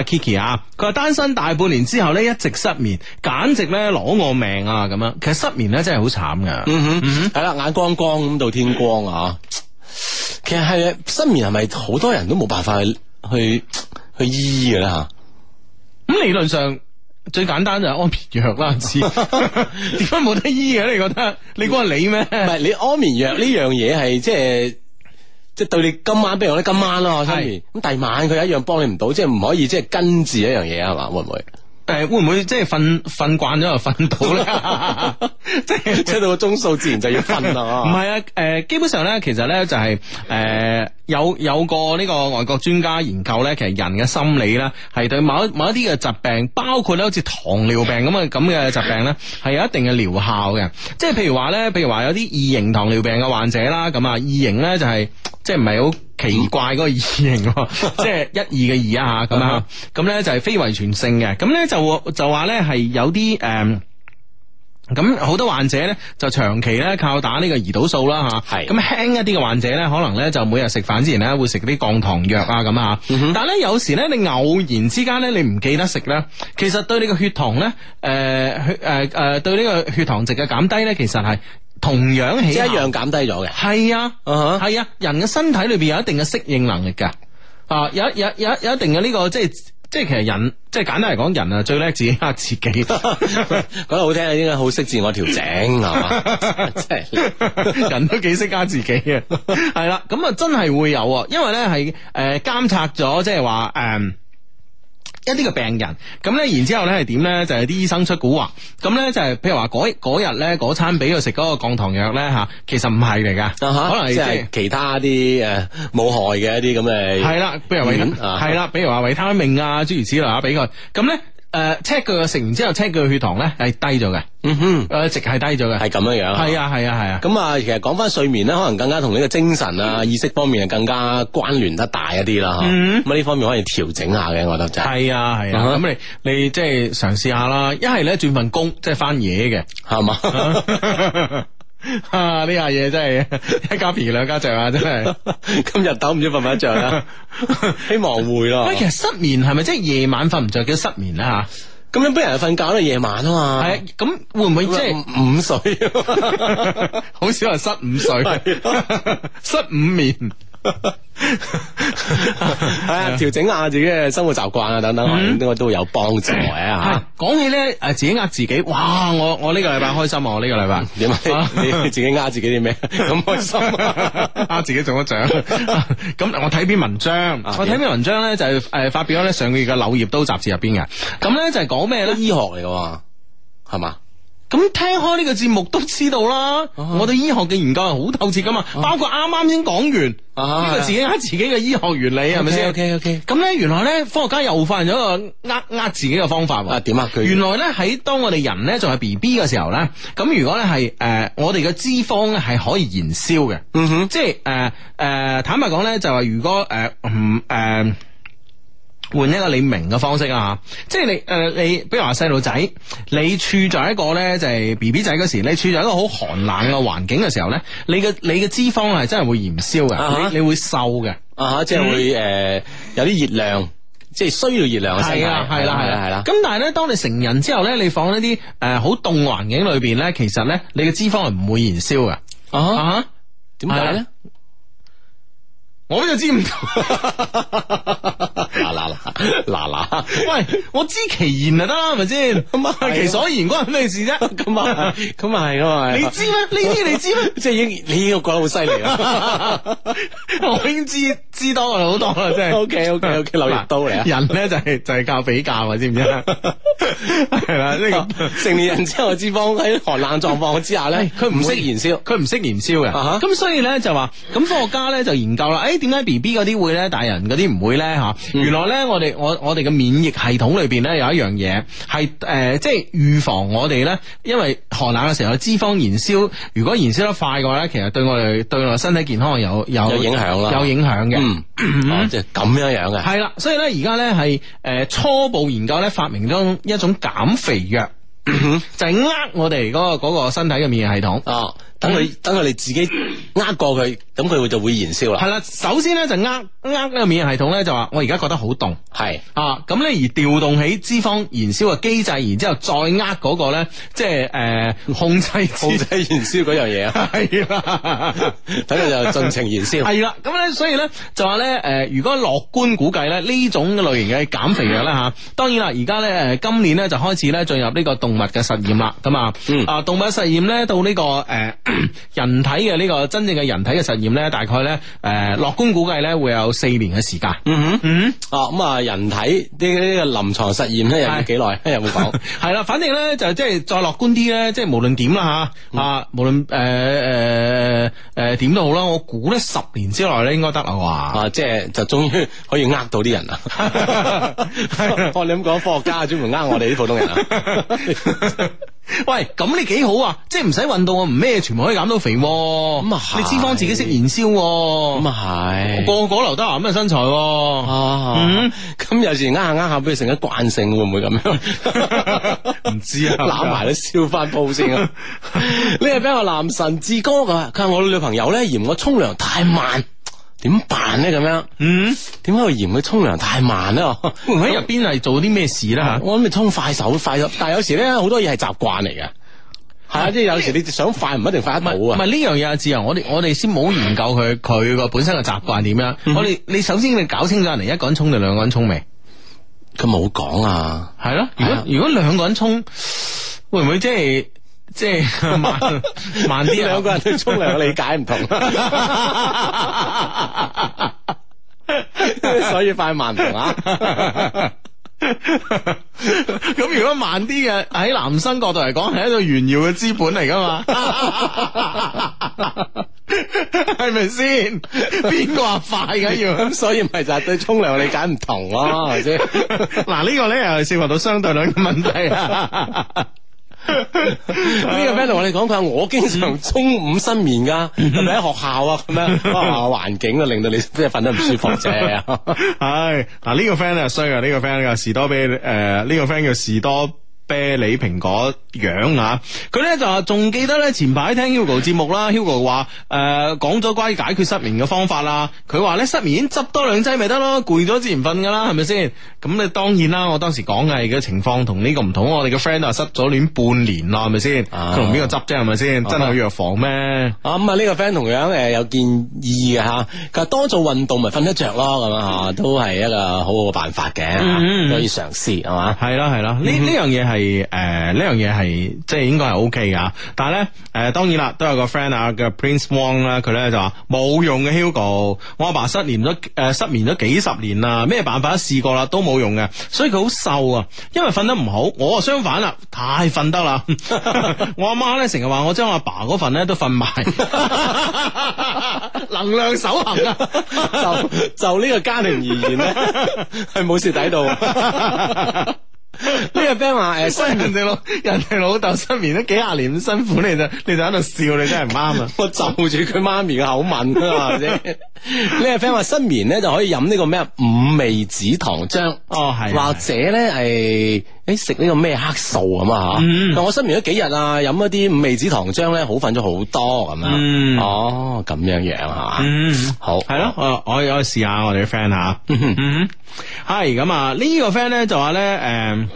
誒，Kiki 啊，佢話單身大半年之後咧一直失眠，簡直咧攞我命啊咁樣！其實失眠咧真係好慘噶，嗯哼，係啦、嗯哼，眼光光咁到天光啊。其實係啊，失眠係咪好多人都冇辦法去去去醫嘅咧吓？咁理論上最簡單就係安眠藥啦，點解冇得醫嘅？你覺得？嗯、你估係你咩？唔係你，安眠藥呢樣嘢係即係即係對你今晚，比如我哋今晚咯，失眠咁第二晚佢一樣幫你唔到，即係唔可以即係根治一樣嘢啊係嘛？會唔會？誒、呃，會唔會即係瞓瞓慣咗就瞓到咧？即係出到個鐘數，自然就要瞓啦。唔係啊，誒、呃，基本上咧，其實咧就係、是、誒。呃有有個呢個外國專家研究咧，其實人嘅心理咧，係對某一某一啲嘅疾病，包括咧好似糖尿病咁啊咁嘅疾病咧，係有一定嘅療效嘅。即係譬如話咧，譬如話有啲二型糖尿病嘅患者啦，咁啊二型咧就係、係、即係唔係好奇怪嗰個二型， 即係一二嘅二啊吓咁啊，咁咧 就係非遺傳性嘅，咁咧就就話咧係有啲誒。嗯咁好多患者咧就長期咧靠打呢個胰島素啦嚇，咁、啊、輕是的 一啲嘅患者咧可能咧就每日食飯之前咧會食啲降糖藥啊咁啊，啊嗯、哼但咧有時咧你偶然之間咧你唔記得食咧，其實對你嘅血糖咧，誒誒誒對呢個血糖值嘅減低咧，其實係同樣起係一樣減低咗嘅，係啊，係啊，啊，啊，人嘅身體裏邊有一定嘅適應能力㗎，啊有有有有，有，有，有，有一定嘅呢個即係。即即係其實人，即係簡單嚟講，人啊最叻自己蝦自己，講 得好聽啊，應該好識自我調整係嘛，即係 人都幾識蝦自己嘅，係 啦， 咁啊真係會有，啊，因為咧係誒監察咗，即係話誒。呃一啲嘅病人，咁咧，然之後咧係點咧？就係、是、啲醫生出蠱惑，咁咧就係譬如話嗰日咧嗰餐俾佢食嗰個降糖藥咧吓，其實唔係嚟㗎，啊、哈可能係、就是、其他啲誒冇害嘅一啲咁嘅，係啦，譬如維係啦，譬如話維他命啊諸如此類啊俾佢，咁咧。誒，check 佢食完之後，check 佢血糖咧係低咗嘅，嗯哼，誒、呃，直係低咗嘅，係咁樣樣，係啊，係啊，係啊，咁啊，其實講翻睡眠咧，可能更加同呢個精神啊、嗯、意識方面啊，更加關聯得大一啲啦，咁啊呢方面可以調整下嘅，我覺得就係啊，係、啊，咁、啊嗯、哼你你即係嘗試下啦，一係咧轉份工，即係翻嘢嘅，係嘛。啊！呢下嘢真係一家平 兩家著 啊！真係今日都唔知瞓唔瞓得着啦，希望會咯。喂， 其實失眠係咪即係夜晚瞓唔着叫失眠啊？咁一般人瞓覺都係夜晚啊嘛。係咁 會唔會即係午睡？好 少人失午睡，失午眠。 係 啊，調整下自己嘅生活習慣啊，等等我，應該都有幫助、嗯、啊。講起咧，誒，自己呃自己，哇！我我呢個禮拜開心啊，我呢個禮拜點？你自己呃自己啲咩咁開心、啊？呃 自己中咗獎，咁、 啊、我睇篇文章，啊、我睇篇文章咧就係、是、誒發表喺咧上個月嘅《柳葉刀》雜誌入邊嘅，咁咧就係講咩咧？醫學嚟嘅，係嘛、啊？咁聽開呢個節目都知道啦，啊、我哋醫學嘅研究係好透徹噶嘛，啊、包括啱啱先講完呢個、啊、自己呃自己嘅醫學原理係咪先？OK OK，咁、okay。咧原來咧科學家又發現咗一個呃呃自己嘅方法，啊，點啊？啊，原來咧喺當我哋人咧仲係 BB 嘅時候咧，咁如果咧係誒我哋嘅脂肪咧係可以燃燒嘅，嗯哼，即係誒誒坦白講咧就話、是、如果誒唔誒。呃呃呃呃呃換一個你明嘅方式啊，即係你誒、呃，你比如話細路仔，你處在一個咧就係、是、B B 仔嗰時，你處在一個好寒冷嘅環境嘅時候咧，你嘅你嘅脂肪係真係會燃燒嘅，啊、哈你你會瘦嘅啊，即係會誒、嗯呃、有啲熱量，即係需要熱量，係啦係啦係啦係啦，咁但係咧當你成人之後咧，你放喺啲誒好凍環境裏邊咧，其實咧你嘅脂肪係唔會燃燒嘅啊，哈啊，點解咧？我就知唔到，嗱嗱嗱嗱嗱，喂，我知其然就得啦，係咪先？咁啊，其所言關咩事啫？咁 啊，咁啊係噶嘛？你知咩？呢啲 你知咩、啊？即係已經，你已經覺得好犀利啦。我已經知道知道好多啦，真係。O K O K O K，柳葉刀嚟啊！ 人咧就係、是、就係、是、靠比較啊，知唔知啊？係 啦， 呢個成年人之後脂肪，喺寒冷狀況，之下咧，佢唔識燃燒，佢唔識燃燒嘅。咁、huh? 所以咧就話，咁科學家咧就研究啦，誒、哎。點解 B B 嗰啲會咧？大人嗰啲唔會咧吓？嗯、原來咧，我哋我我哋嘅免疫系統裏邊咧有一樣嘢係誒，即係預防我哋咧。因為寒冷嘅時候，脂肪燃燒如果燃燒得快嘅話咧，其實對我哋對我身體健康有有有影響啦，有影響嘅。哦，即係咁樣樣嘅。係啦，所以咧而家咧係誒初步研究咧發明咗一種減肥藥，就係呃我哋嗰、嗰個、嗰個身體嘅免疫系統。哦。等佢等佢哋自己呃過佢，咁佢就會燃燒啦。係啦，首先咧就呃呃呢個免疫系統咧，就話我而家覺得好凍。係的啊，咁咧而調動起脂肪燃燒嘅機制，然之後再呃嗰個咧，即係誒、呃、控制控制燃燒嗰樣嘢啊。係啦 的，等佢 就盡情燃燒。係啦， 咁咧所以咧就話咧誒，如果樂觀估計咧呢種類型嘅減肥藥咧吓，當然啦，而家咧誒今年咧就開始咧進入呢個動物嘅實驗啦，咁啊、嗯，啊動物嘅實驗咧到呢個誒。人體嘅呢、這個真正嘅人體嘅實驗咧，大概咧，誒、呃，樂觀估計咧會有四年嘅時間。嗯哼，嗯，啊，咁啊，人體啲呢、這個臨床實驗咧，又幾耐？是有冇講。係啦， 反正咧就即、是、係再樂觀啲咧，即係無論點啦吓，啊，無論誒誒誒，點、呃呃呃、都好啦，我估咧十年之內咧應該得啦。哇！啊，即係就終於可以呃到啲人啦！我你咁講，科學家專門呃我哋啲普通人啊！ 喂，咁你幾好啊？即係唔使運動，唔咩，全部可以減到肥。咁啊，嗯、你脂肪自己識燃燒，啊。咁啊係，個個劉德華咁嘅身材，啊。哦、啊，咁有時呃下呃下，不如成咗慣性，會唔會咁樣？唔 知啊，攬埋你燒翻煲先。啊。 你係畀個男神志哥噶，佢話我女朋友咧嫌我沖涼太慢。 點辦咧？咁樣，點解會嫌佢沖涼太慢咧？喺入邊係做啲咩事啦，嗯？我諗你沖快手快手，但係有時咧，好多嘢係習慣嚟嘅，係啊，啊，即係有時你想快唔一定快得到啊。唔係呢樣嘢啊，自由，我哋我哋先冇研究佢佢個本身嘅習慣點樣。嗯、哼我哋你首先你搞清楚人哋一個人沖定兩個人沖未？佢冇講啊，係咯？如果如果兩個人沖，會唔會即係？即係慢慢啲，兩個人對沖涼嘅理解唔同 所以快慢唔同啊。咁 如果慢啲嘅，喺男生角度嚟講，係一種炫耀嘅資本嚟噶嘛，係咪先？邊個話快緊要？咁 所以咪就係對沖涼嘅理解唔同咯、啊，係咪先？嗱、這個、呢個咧又係涉及到相對論嘅問題啊。 呢 個 friend 同我哋講，佢話我經常中午失眠噶、啊，係咪喺學校啊咁樣，學校環境啊令到你即係瞓得唔舒服啫？係嗱，呢個 friend 啊，衰啊，呢個 friend 啊，士多啤梨誒，呢個 friend 叫士多。啤梨蘋果樣啊！佢咧就話仲記得咧前排聽 Hugo 節目啦，Hugo 話誒講咗關於解決失眠嘅方法啦。佢話咧失眠執多兩劑咪得咯，攰咗自然瞓噶啦，係咪先？咁你當然啦，我當時講嘅嘅情況同呢個唔同。我哋嘅 friend 啊，失咗戀半年啦，係咪先？佢同邊個執啫，係咪先？真係去藥房咩？啊咁啊，呢個 friend 同樣誒有建議啊，吓，其實多做運動咪瞓得着咯，咁樣吓都係一個好好嘅辦法嘅，可以嘗試，係嘛？係啦係啦，呢呢樣嘢係。係誒，呢樣嘢係即係應該係 OK 噶，但係咧誒，當然啦，都有個 friend 啊叫 Prince Wong 啦、啊，佢咧就話冇用嘅、啊、Hugo，我阿爸失眠咗誒、呃，失眠咗幾十年啦，咩辦法都試過啦，都冇用嘅，所以佢好瘦啊，因為瞓得唔好。我啊，相反啦，太瞓得啦， 我阿媽咧成日話我將我阿爸嗰份咧都瞓埋， 能量守恆啊，就就呢個家庭而言咧，係冇事喺度。 呢個 friend 話誒， 人哋失眠你老人哋老豆失眠都幾廿年咁辛苦，你就你就喺度笑，你真係唔啱啊！ 我就住佢媽咪嘅口吻，係咪先？呢個 friend 話失眠咧，就可以飲呢個咩五味子糖漿哦，係或者咧係。的誒，食呢個咩黑素咁啊？嗬、mm！嗱、hmm.，我失眠咗幾日啊，飲一啲五味子糖漿咧，好瞓咗好多咁、啊、樣。Mm hmm. 哦，咁樣樣吓、啊。嗯、mm，hmm. 好。係咯，我我可以試下我哋啲 friend 吓。係咁啊！呢個 friend 咧就話咧，誒、呃，誒、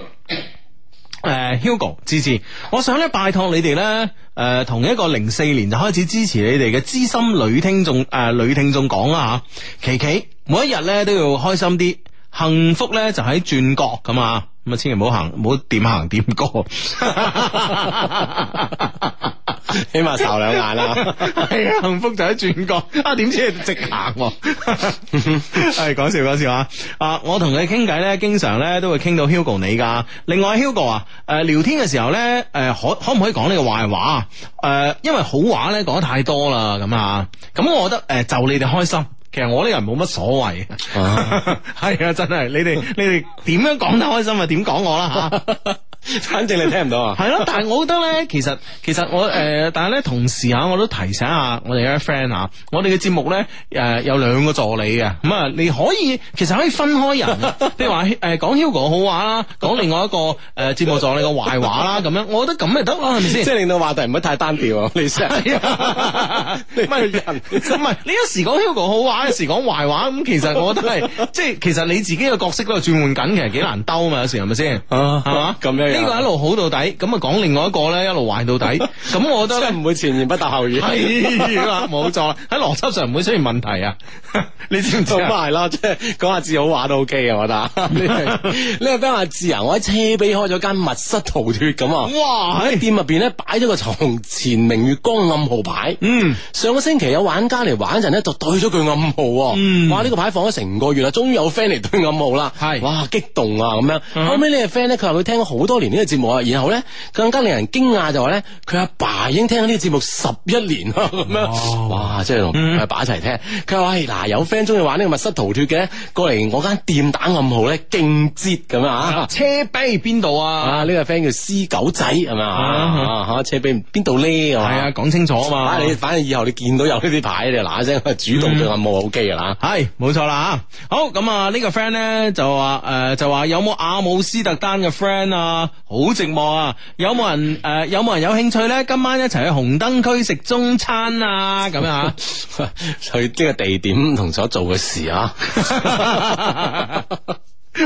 呃、，Hugo 芝芝，我想咧拜託你哋咧，誒、呃，同一個零四年就開始支持你哋嘅資深女聽眾，誒、呃，女聽眾講啦，琪琪，每一日咧都要開心啲。幸福咧就喺、是、轉角咁 啊，咁啊千祈唔好行，唔好點行點過，起碼受兩眼啦。係啊，幸福就喺轉角啊，點知直行、啊？係講笑講、哎、笑啊！啊，我同佢傾偈咧，經常咧都會傾到 Hugo 你噶。另外 Hugo 啊，誒聊天嘅時候咧，誒可可唔可以講呢個壞話誒、啊，因為好話咧講得太多啦，咁啊，咁我覺得誒、呃、就你哋開心。其實我呢個人冇乜所謂，係啊， 真係你哋你哋點樣講得開心啊？點講我啦，吓，反正你聽唔到啊。係咯， 但係我覺得咧，其實其實我誒、呃，但係咧同時吓我都提醒下我哋啲 friend 啊，我哋嘅節目咧誒、呃、有兩個助理嘅，咁、嗯、啊你可以其實可以分開人，譬如話誒講 Hugo 好話啦，講另外一個誒節、呃、目助理嘅壞話啦，咁樣我覺得咁咪得咯，係咪先？係係 即係令到話題唔好太單調，啊，你先。咁 是你唔係 你一時講 Hugo 好話。有時講壞話咁，其實我覺得係即係，其實你自己嘅角色喺度轉換緊，其實幾難兜啊！有時係咪先？咁樣呢個一路好到底，咁啊講另外一個咧一路壞到底，咁 我覺得咧唔會前言不搭後語，啊，係冇錯啦。喺邏輯上唔會出現問題啊！ 你知唔知啊？係咯，即係講下字好話都 OK 啊！我覺得呢 你，你阿斌阿智啊，我喺車陂開咗間密室逃脱咁啊！哇，喺店入邊咧擺咗個床前明月光暗號牌，嗯，上個星期有玩家嚟玩陣咧，就對咗佢暗。號，哇！呢個牌放咗成個月啦，終於有 friend 嚟對暗號啦，係，哇激動啊咁樣。後尾呢個 friend 咧，佢話佢聽咗好多年呢個節目啊，然後咧更加令人驚訝就話咧，佢阿爸已經聽呢個節目十一年咯咁樣，哇！即係同阿爸一齊聽。佢話，嗱，有 friend 中意玩呢個密室逃脱嘅，過嚟我間店打暗號咧，勁接咁啊！車陂邊度啊？呢個 friend 叫 C 狗仔係咪啊？吓，車陂邊度呢？係啊，講清楚啊嘛。你反正以後你見到有呢啲牌，你嗱一聲主動對暗號。手機啊，吓係冇錯啦，吓好咁啊，呢個 friend 咧就話誒、呃、就話有冇阿姆斯特丹嘅 friend 啊，好寂寞啊，有冇人誒、呃、有冇人有興趣咧，今晚一齊去紅燈區食中餐啊，咁樣吓、啊、 去呢個地點同所做嘅事啊。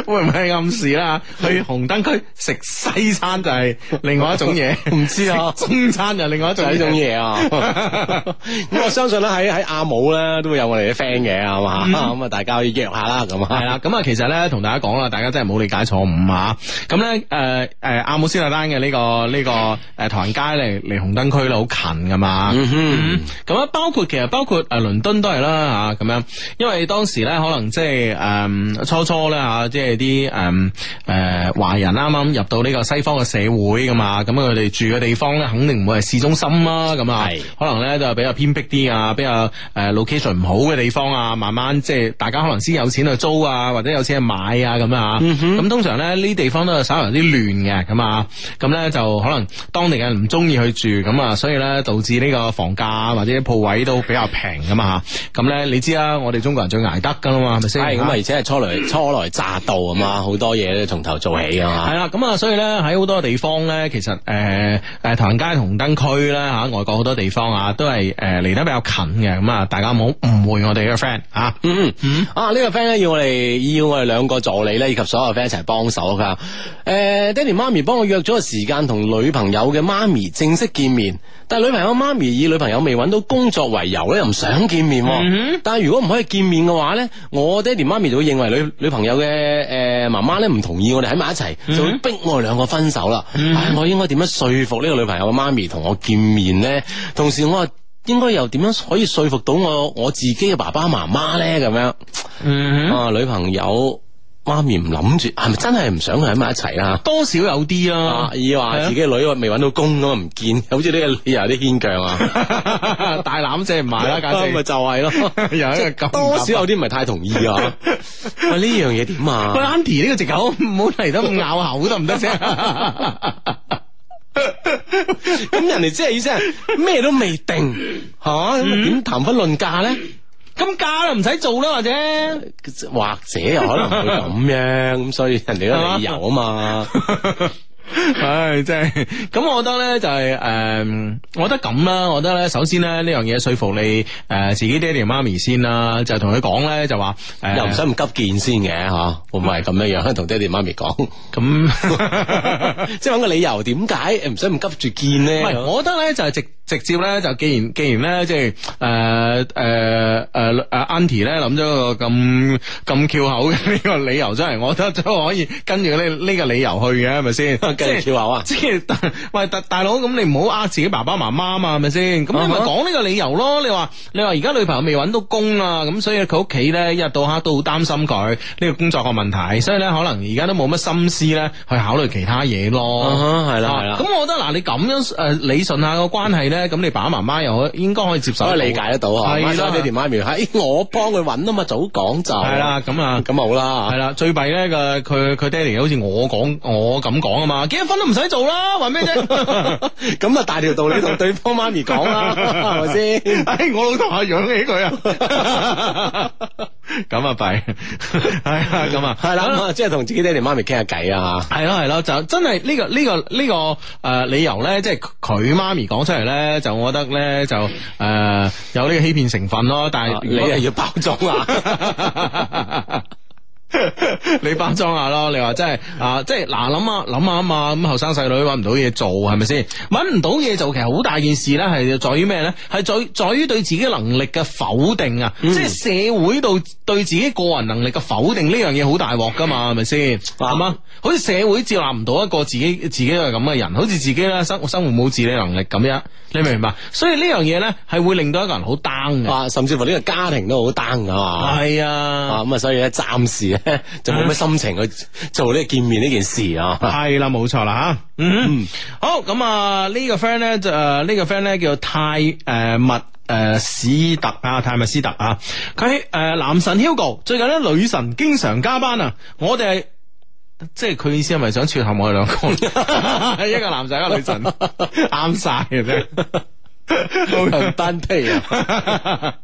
會唔係暗示啦？去紅燈區食西餐就係另外一種嘢，唔知啊。食中餐就另外一種嘢啊。咁、 嗯、我相信咧喺喺阿姆咧都會有我哋啲 friend 嘅，係嘛？咁啊、嗯，大家可以約下啦。咁係啦。咁啊，其實咧同大家講啦，大家真係唔好理解錯誤啊。咁咧誒誒，阿姆斯特丹嘅呢、這個呢、這個誒、呃、唐人街嚟嚟紅燈區咧好近噶嘛。咁啊、嗯嗯嗯，包括其實包括誒、呃、倫敦都係啦吓咁樣，因為當時咧可能即係誒初初咧吓即係。嗯嗯即係啲誒誒華人啱啱入到呢個西方嘅社會噶嘛，咁佢哋住嘅地方咧，肯定唔會係市中心啦，咁啊是，可能咧就比較偏僻啲啊，比較誒、呃、location 唔好嘅地方啊，慢慢即係大家可能先有錢去租啊，或者有錢去買啊，咁啊，咁、嗯、哼通常咧呢啲地方都係稍為啲亂嘅，咁啊，咁咧就可能當地人唔中意去住，咁啊，所以咧導致呢個房價或者鋪位都比較平噶嘛，咁咧你知啦、啊，我哋中國人最捱得噶啦嘛，係咪先？咁啊，而且係初來初來 道啊嘛，好多嘢都從頭做起啊嘛。係啦，咁啊，所以咧喺好多地方咧，其實誒誒，唐人街紅燈區啦吓，外國好多地方啊，都係誒離得比較近嘅。咁啊，大家唔好誤會我哋嘅 friend 啊。嗯嗯。啊，呢個 friend 咧要我哋要我哋兩個助理咧以及所有 friend 一齊幫手噶。誒、啊啊，爹哋媽咪幫我約咗個時間同女朋友嘅媽咪正式見面。但係女朋友媽咪以女朋友未揾到工作為由咧，又唔想見面。Mm hmm. 但係如果唔可以見面嘅話呢，我爹哋媽咪就會認為女女朋友嘅誒、呃、媽媽咧唔同意我哋喺埋一齊，mm hmm. 就會逼我哋兩個分手啦、mm hmm.。我應該點樣說服呢個女朋友嘅媽咪同我見面呢？同時我應該又點樣可以說服到我我自己嘅爸爸媽媽呢？咁樣、mm hmm. 啊，女朋友。媽咪唔諗住，係咪真係唔想佢喺埋一齊啦？多少有啲啊，而話、啊、自己嘅女未揾到工咁唔見，好似呢個理由有啲牽強啊， 大攬者唔埋啦，簡直咪就係咯，即係四 多少有啲唔係太同意啊。 啊啊喂，呢樣嘢點啊？Andy 呢個借口唔好嚟得咁拗口得唔得先？咁 人哋即係意思係咩都未定，吓咁點談婚論嫁咧？咁假啦，唔使做啦，或者， 或者又可能會咁樣，咁所以人哋嘅理由啊嘛。 唉，真係咁，我覺得咧就係誒，我覺得咁啦，我覺得咧，首先咧呢樣嘢說服你誒自己爹哋媽咪先啦，就同佢講咧就話、欸、又唔使唔急見先嘅吓，會唔係咁樣樣同爹哋媽咪講，咁即係搵個理由點解唔使唔急住見呢？我覺得咧就係直直接咧就既然既然咧即係誒誒誒誒 Auntie 咧諗咗個咁咁翹口嘅呢個理由，真係 我，就是 uh, uh, uh, 我覺得都可以跟住呢呢個理由去嘅，係咪先？ 即係笑話啊！即係喂，大大佬，咁你唔好呃自己爸爸媽媽啊嘛，係咪先？咁你咪講呢個理由咯。你話你話而家女朋友未揾到工啊，咁所以佢屋企咧一日到黑都好擔心佢呢個工作嘅問題，所以咧可能而家都冇乜心思咧去考慮其他嘢咯。係啦，係啦。咁我覺得嗱，你咁樣誒理順下個關係咧，咁你爸爸媽媽又可應該可以接受、可以理解得到啊。爹哋媽咪，我幫佢揾啊嘛，早講就係啦。咁啊，咁好啦。係啦，最弊咧個佢佢爹哋好似我講我咁講啊嘛。幾多分都唔使做啦，話咩啫？咁 啊，大條道理同對方媽咪講啦，係咪先？我老豆啊，養起佢啊，咁啊弊，係啊，咁啊，係啦，即係同自己爹哋媽咪傾下偈啊，係咯，係咯，就真係呢個呢個呢個誒理由咧，即係佢媽咪講出嚟咧，就我覺得咧就誒有呢個欺騙成分咯。但係你係要包裝啊？ 你包裝下咯，你話真係啊，即係嗱諗下諗下啊嘛，咁後生細女揾唔到嘢做係咪先？揾唔到嘢做其實好大件事咧，係在於咩咧？係在在於對自己能力嘅否定啊！嗯、即係社會度對自己個人能力嘅否定呢樣嘢好大鑊噶嘛，係咪先？係啊哇，好似社會接納唔到一個自己自己係咁嘅人，好似自己咧生生活冇自理能力咁樣，你明唔明白？所以呢樣嘢咧係會令到一個人好 down 嘅，甚至乎呢個家庭都好 down 噶嘛。係啊，咁啊，所以咧暫時咧。就冇乜心情去做呢個見面呢件事啊，係啦，冇錯啦吓，嗯，好咁啊呢、呢個 friend 咧就呢個 friend 咧叫泰誒麥誒史特啊，泰密斯特啊，佢誒、呃、男神 Hugo 最近咧女神經常加班啊，我哋係即係佢意思係咪想撮合我哋兩個 一個男仔一個女神啱晒嘅啫，好般配啊！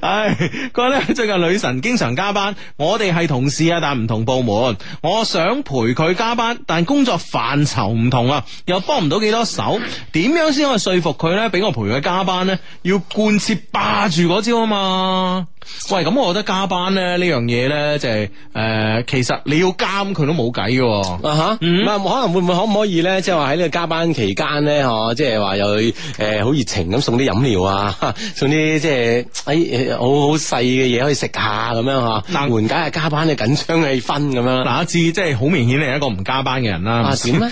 唉，佢咧、 哎、最近女神經常加班，我哋係同事啊，但唔同部門。我想陪佢加班，但工作範疇唔同啊，又幫唔到幾多手。點樣先可以說服佢呢？俾我陪佢加班呢？要貫徹霸住嗰招啊嘛！喂，咁我覺得加班咧，呢樣嘢咧就係誒，其實你要監佢都冇計㗎。啊吓，可能會唔會可唔可以咧，即係話喺呢個加班期間咧，哦，即係話又誒好熱情咁送啲飲料啊，送啲即係誒好好細嘅嘢可以食下咁樣嗬，但緩解下加班嘅緊張氣氛咁樣。嗱知，呃、即係好明顯你係一個唔加班嘅人啦。點咧、啊？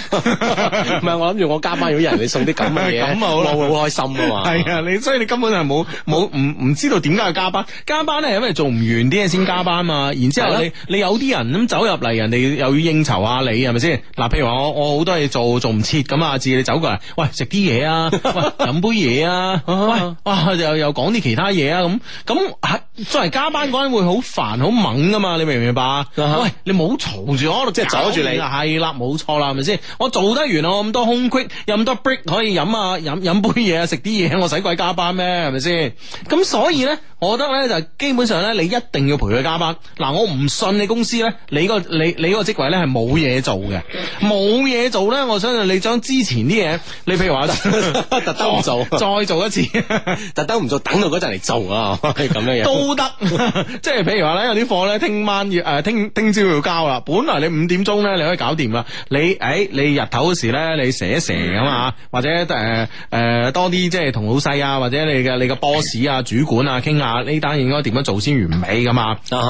唔係我諗住我加班有啲人，你送啲咁嘅嘢，我好開心啊嘛。係啊，你所以你根本係冇冇唔唔知道點解要加班加。班咧，因為做唔完啲嘢先加班嘛，然之後你的你有啲人咁走入嚟，人哋又要應酬下你，係咪先？嗱，譬如話我我好多嘢做，做唔切咁啊，至你走過嚟，喂食啲嘢啊，喂飲杯嘢啊，喂，哇、啊、 又又講啲其他嘢啊，咁咁啊，作為加班嗰陣會好煩好猛噶嘛，你明唔明白？ 喂，你冇嘈住我，即係阻住你，係啦打，冇錯啦，係咪先？我做得完啊，我咁多空隙，有咁多 break 可以飲啊，飲飲杯嘢啊，食啲嘢，我使鬼加班咩？係咪先？咁所以咧，我覺得咧就是得。就是基本上咧，你一定要陪佢加班。嗱，我唔信你公司咧，你個你你個職位咧係冇嘢做嘅，冇嘢做咧，我相信你將之前啲嘢，你譬如話 特登唔做，再做一次， 特登唔做，等到陣嚟做啊，咁樣樣都得， 即係譬如話咧，有啲貨咧，聽晚要誒，聽聽朝要交啦。本來你五點鐘咧，你可以搞掂啦。你誒、哎，你日頭時咧，你寫一寫咁啊，嗯、或者誒誒、呃呃，多啲即係同老細啊，或者你嘅你嘅 boss 啊、主管啊，傾下呢單嘢。該點樣做先完美噶嘛？啊吓、uh，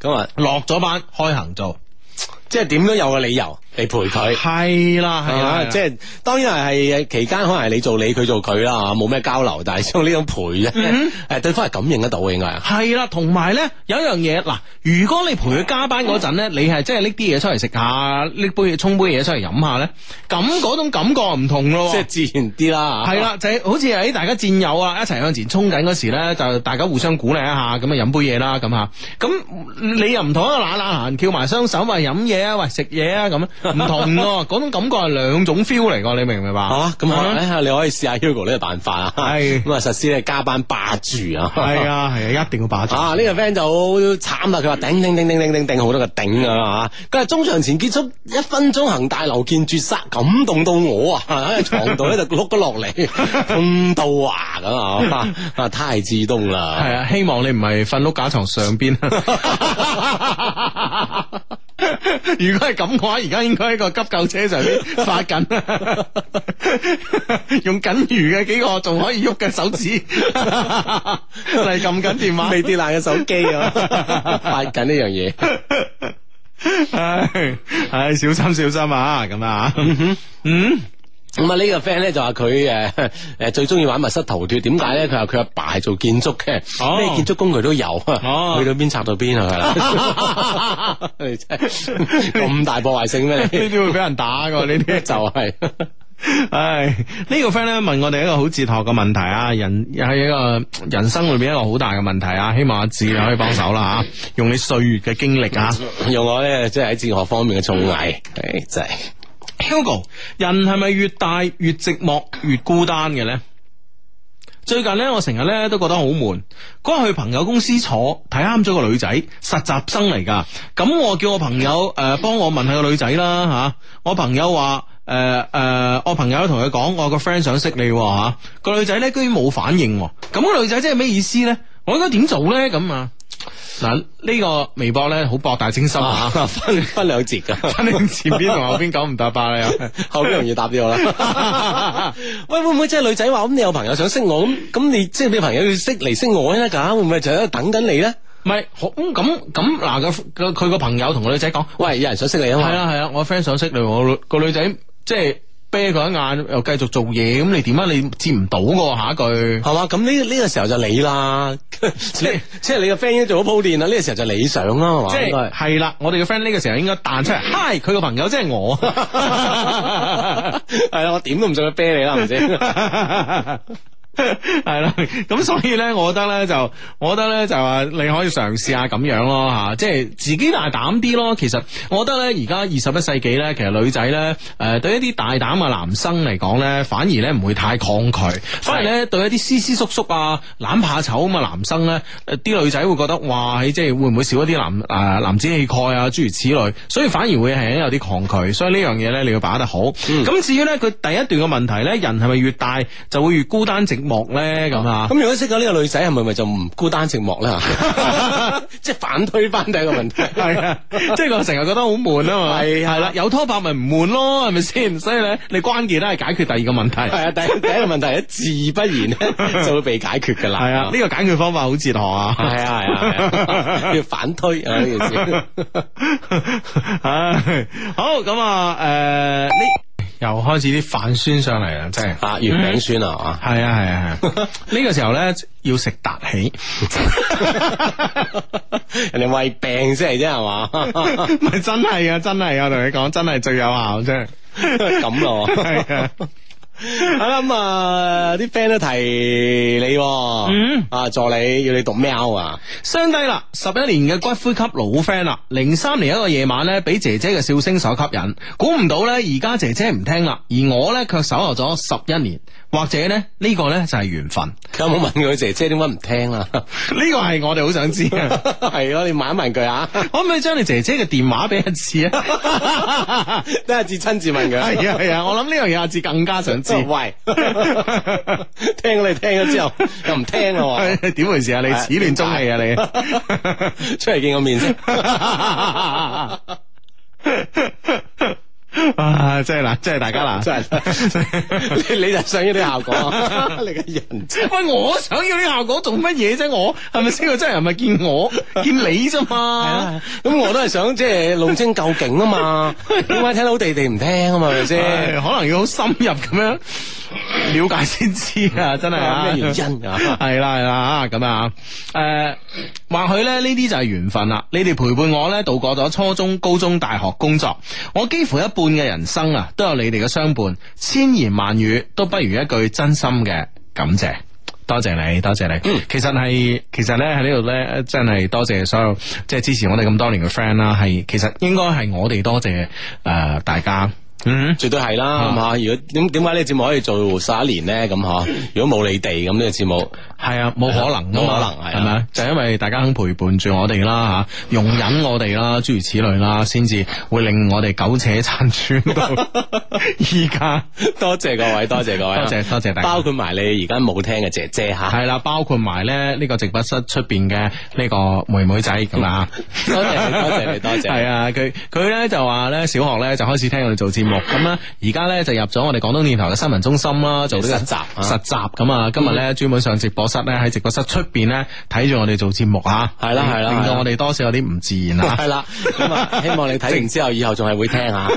咁、huh. 啊、嗯，落咗班 開行做，即係點樣都有個理由？你陪佢，係啦，係啦，即係當然係，係期間可能係你做你，佢做佢啦，冇咩交流，但係用呢種陪咧，誒、嗯，對方係感應得到嘅應該係。係啦，同埋咧有一樣嘢，嗱，如果你陪佢加班嗰陣咧，你係即係拎啲嘢出嚟食下，拎杯嘢、沖杯嘢出嚟飲下咧，咁嗰種感覺唔同咯，即係自然啲啦。係啦，就係、是、好似係大家戰友啊，一齊向前衝緊嗰時咧，就大家互相鼓勵一下，咁啊飲杯嘢啦，咁吓，咁你又唔同一個懶懶閒，翹埋雙手，喂飲嘢啊，喂食嘢啊咁。唔同咯，嗰種感覺係兩種 feel 嚟噶，你明唔明白？吓，咁可能啊，你可以試下 Hugo 呢個辦法啊，係咁啊，實施咧加班霸住啊，係啊，係啊，一定要霸住啊！呢個 friend 就慘啦，佢話頂頂頂頂頂頂好多個頂噶吓，佢係終場前結束一分鐘恒大劉健絕殺，感動到我啊！喺床度咧就碌咗落嚟，痛到牙咁啊！啊，太自動啦，係啊！希望你唔係瞓碌架床上邊。 如果係咁嘅話，而家應該喺個急救車上邊發緊， 用緊餘嘅幾個仲可以喐嘅手指係撳緊電話，未 跌爛嘅手機啊， 發緊呢樣嘢，唉唉，小心小心啊，咁啊嗯，嗯。咁啊呢個 friend 咧就話佢誒誒最中意玩密室逃脫，點解咧？佢話佢阿爸係做建築嘅，咩、oh. 建築工具都有啊，oh. 去到邊拆到邊係咪啦？ 你真係咁大破壞性咩？呢啲 會俾人打噶呢啲， 就係是、 哎。唉，呢個 friend 咧問我哋一個好哲學嘅問題啊，人係一個人生裏邊一個好大嘅問題啊，希望阿志可以幫手啦吓，用你歲月嘅經歷啊， 用我咧即係喺哲學方面嘅造詣，誒真係。Hugo，人係咪越大越寂寞越孤單嘅咧？最近咧，我成日咧都覺得好悶。嗰日去朋友公司坐，睇啱咗個女仔，實習生嚟噶。咁我叫我朋友誒幫、呃、我問下個女仔啦吓。我朋友話誒誒，我朋友同佢講，我個 friend 想識你吓。個、啊、女仔咧居然冇反應，咁、啊、個女仔即係咩意思咧？我應該點做咧咁啊？嗱，呢個微博咧好博大精深啊，分分兩節噶，反正 前邊同後邊講唔搭八啦，後邊容易答啲我啦。 喂，會唔會即係女仔話咁？你有朋友想識我咁咁，你即係你朋友要識嚟識我咧，噶會唔會就喺度等緊你咧？唔係、啊，咁咁咁嗱個佢個朋友同個女仔講，喂，有人想識你、嗯、啊嘛？係啦係啦，我 friend 想識你我個女個女仔，即係。啤佢一眼，又繼續做嘢，咁你點解你接唔到喎，下一句，係嘛？咁呢呢個時候就你啦，即係你嘅 friend 已經做咗鋪墊啦，呢、這個時候就理想啦，係嘛？即係係啦，我哋嘅 friend 呢個時候應該彈出嚟嗨，佢個、嗯、朋友即係我，係 啊， 我點都唔想佢啤你啦，唔知。 係啦，咁 所以咧，我覺得咧就，我覺得咧就話，你可以嘗試下咁樣咯吓，即係自己大膽啲咯。其實我覺得咧，而家二十一世紀咧，其實女仔咧，誒、呃、對一啲大膽嘅男生嚟講咧，反而咧唔會太抗拒。是的 反而咧對一啲斯斯縮縮啊、懶怕醜咁嘅男生咧，啲、呃、女仔會覺得哇，即係會唔會少一啲男誒、呃、男子氣概啊？諸如此類，所以反而會係有啲抗拒。所以呢樣嘢咧，你要把握得好。咁、嗯、至於咧佢第一段嘅問題咧，人係咪越大就會越孤單寂寞咧咁啊！咁如果識咗呢個女仔，係咪咪就唔孤單寂寞咧？即係反推翻第一個問題，係啊！即係我成日覺得好悶啊嘛，係啦、就是嗯，有拖拍咪唔悶咯，係咪先？所以咧，你關鍵都係解決第二個問題，係啊！第第一個問題，自不然咧就會被解決噶啦。係啊，呢、這個解決方法好哲學啊！係啊，係啊，要反推啊呢件事。唉， 好咁啊，誒呢。呃你又開始啲反酸上嚟啦，真係啊，月餅酸啊，係、嗯、啊係啊係，呢、啊、 個時候咧要食達喜， 人哋胃病先嚟啫，係嘛，唔係真係啊，真係啊，同你講真係最有效啫，咁 咯樣，係 啊。係啦，咁啊，啲 friend 都提你，嗯，啊助理要你讀咪啊，相低啦，十一年嘅骨灰級老 friend 啦，零三年一個夜晚咧，俾姐姐嘅笑聲所吸引，估唔到咧，而家姐姐唔聽啦，而我咧卻守候咗十一年。或者咧呢，這個咧就係緣分，有冇問佢姐姐點解唔聽啦、啊？呢 個係我哋好想知嘅，係咯， 你問一問佢啊，可唔 可以將你姐姐嘅電話俾阿志啊？ 等阿志親自問佢，係啊係啊，我諗呢樣嘢阿志更加想知。 喂， 聽你聽咗之後又唔聽啊？點 回事啊？你始亂終棄啊你？ 出嚟見個面先。 啊！真係嗱，真係大家嗱，真係 你你就想要啲效果， 你嘅人喂 我想要啲效果做乜嘢啫？我係咪先？ 是是我真係唔係見我見你啫嘛？咁我都係想即係弄清究竟啊嘛？點解聽到地哋唔聽啊？嘛係咪先？可能要好深入咁樣了解先知啊！真係咩原因？係啦係啦咁啊！誒、啊，或許咧呢啲就係緣分啦。你哋陪伴我咧，度過咗初中、高中、大學、工作，我幾乎一半。半嘅人生啊，都有你哋嘅相伴，千言萬語都不如一句真心嘅感謝。多謝你，多謝你。嗯，其，其實係，其實咧喺呢度咧，真係多謝所有即係支持我哋咁多年嘅 friend 啦。係，其實應該係我哋多謝誒、呃、大家。嗯，絕對係啦，吓、啊，如果點點解呢個節目可以做十一年咧？咁嗬，如果冇你哋，咁呢個節目係啊，冇可、啊、可能，冇可能，係咪？就係、因為大家肯陪伴住我哋啦、啊，吓、啊，容忍我哋啦、啊，諸如此類啦、啊，先至會令我哋苟且殘喘到。而家 多謝各位，多謝各位、啊，多謝多謝大家，包括埋你而家冇聽嘅姐姐吓、啊，係啦、啊，包括埋咧呢個直播室出邊嘅呢個妹妹仔咁啊！多謝 多謝你，多謝係 啊，佢佢咧就話咧小學咧就開始聽我哋做節目。咁咧，而家咧就入咗我哋廣東電台嘅新聞中心啦，做啲實習。實習咁啊，今日咧專門上直播室咧，喺直播室出邊咧睇住我哋做節目、嗯、啊。係啦係啦，令到我哋多少有啲唔自然啦。係啦，咁啊，希望你睇完之後，以後仲係會聽啊。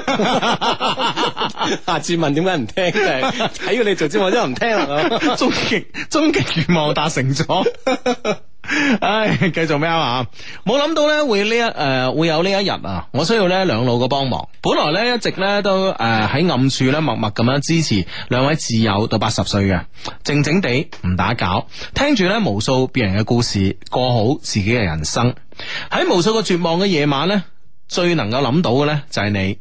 阿志問點解唔聽，就係睇住你做節目都唔聽啦。終極終極願望達成咗。 唉，繼續咩啊？冇諗到咧、呃，會呢一誒會有呢一日啊！我需要咧兩老嘅幫忙。本來咧一直咧都誒喺、呃、暗處咧默默咁樣支持兩位摯友到八十歲嘅，靜靜地唔打攪，聽住咧無數別人嘅故事，過好自己嘅人生。喺無數個絕望嘅夜晚咧，最能夠諗到嘅呢，就係、是、你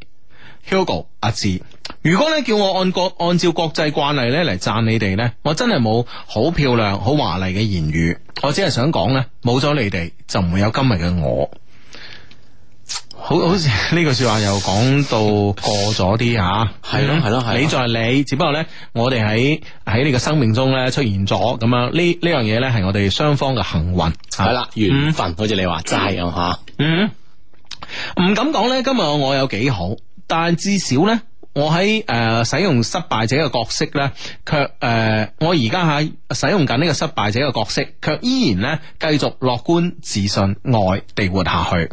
，Hugo 阿志。如果咧叫我按國按照國際慣例咧嚟讚你哋咧，我真係冇好漂亮、好華麗嘅言語，我只係想講咧，冇咗你哋就唔會有今日嘅我。好好似呢句說話又講到過咗啲啊，係咯係咯係。你再係你，只不過咧，我哋喺喺你嘅生命中咧出現咗咁樣，樣，樣呢呢樣嘢咧，係我哋雙方嘅幸運係啦，緣分，好似你話齋咁吓，嗯，唔敢講咧，今日我有幾好，但係至少咧。我喺誒、呃、使用失敗者嘅角色呢，卻誒、呃、我而家喺使用緊呢個失敗者嘅角色，卻依然呢繼續樂觀、自信、愛地活下去。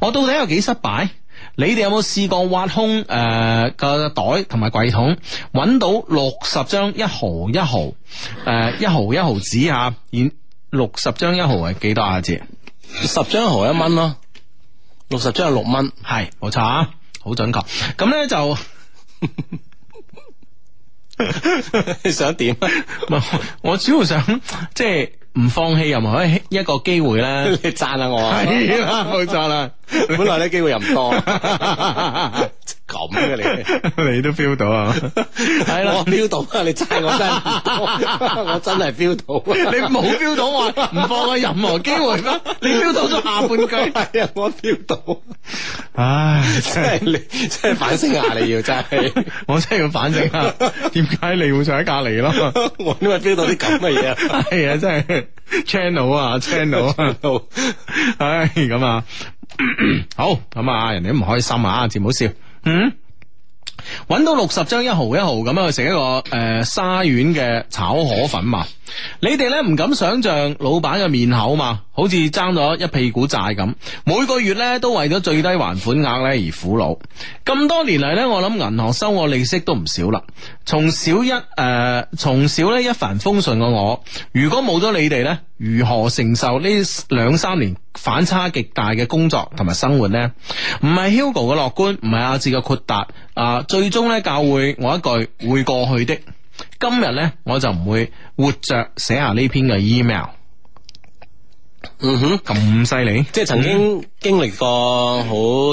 我到底有幾失敗？你哋有冇試過挖空誒、呃、個袋同埋櫃桶，揾到六十張一毫一毫誒、 呃、一毫一毫紙吓、啊？而六十張一毫係幾多啊？字十張毫一蚊咯，六十張係六蚊，係冇錯啊，好準確。咁呢就。 你想點怎啊？ 我主要想即係唔放棄任何一個機會啦。 你讚下、啊、我，係啦，冇錯啦。本來呢機會又唔多。咁嘅你，你都 feel 到啊？係啦，feel 到啊！你真係我真，我真係 feel 到。你冇 feel 到我唔放過任何機會咩？你 feel 到咗下半句？係啊，我 feel 到。唉，真係你真係反省下你要真係，我真係要反省下，點解你會坐喺隔籬咯？我因為 feel 到啲咁嘅嘢。係啊，真係 channel 啊，channel。唉，咁啊，好咁啊，人哋都唔開心啊，字唔好笑。嗯，揾到六十張一毫一毫咁樣去食一個誒、呃、沙縣嘅炒河粉嘛。你哋咧，唔敢想象老闆嘅面口嘛？好似爭咗一屁股債咁，每個月咧都為咗最低還款額咧而苦惱。咁多年嚟咧，我諗銀行收我利息都唔少啦。從小一、誒，從小咧一帆風順嘅我，如果冇咗你哋咧，如何承受呢兩三年反差極大嘅工作同埋生活呢？唔係 Hugo 嘅樂觀，唔係阿志嘅豁達啊！最終咧教會我一句：會過去的。今日呢，我就唔會活着寫下呢篇嘅 email。嗯哼，咁犀利？即係曾經經歷過好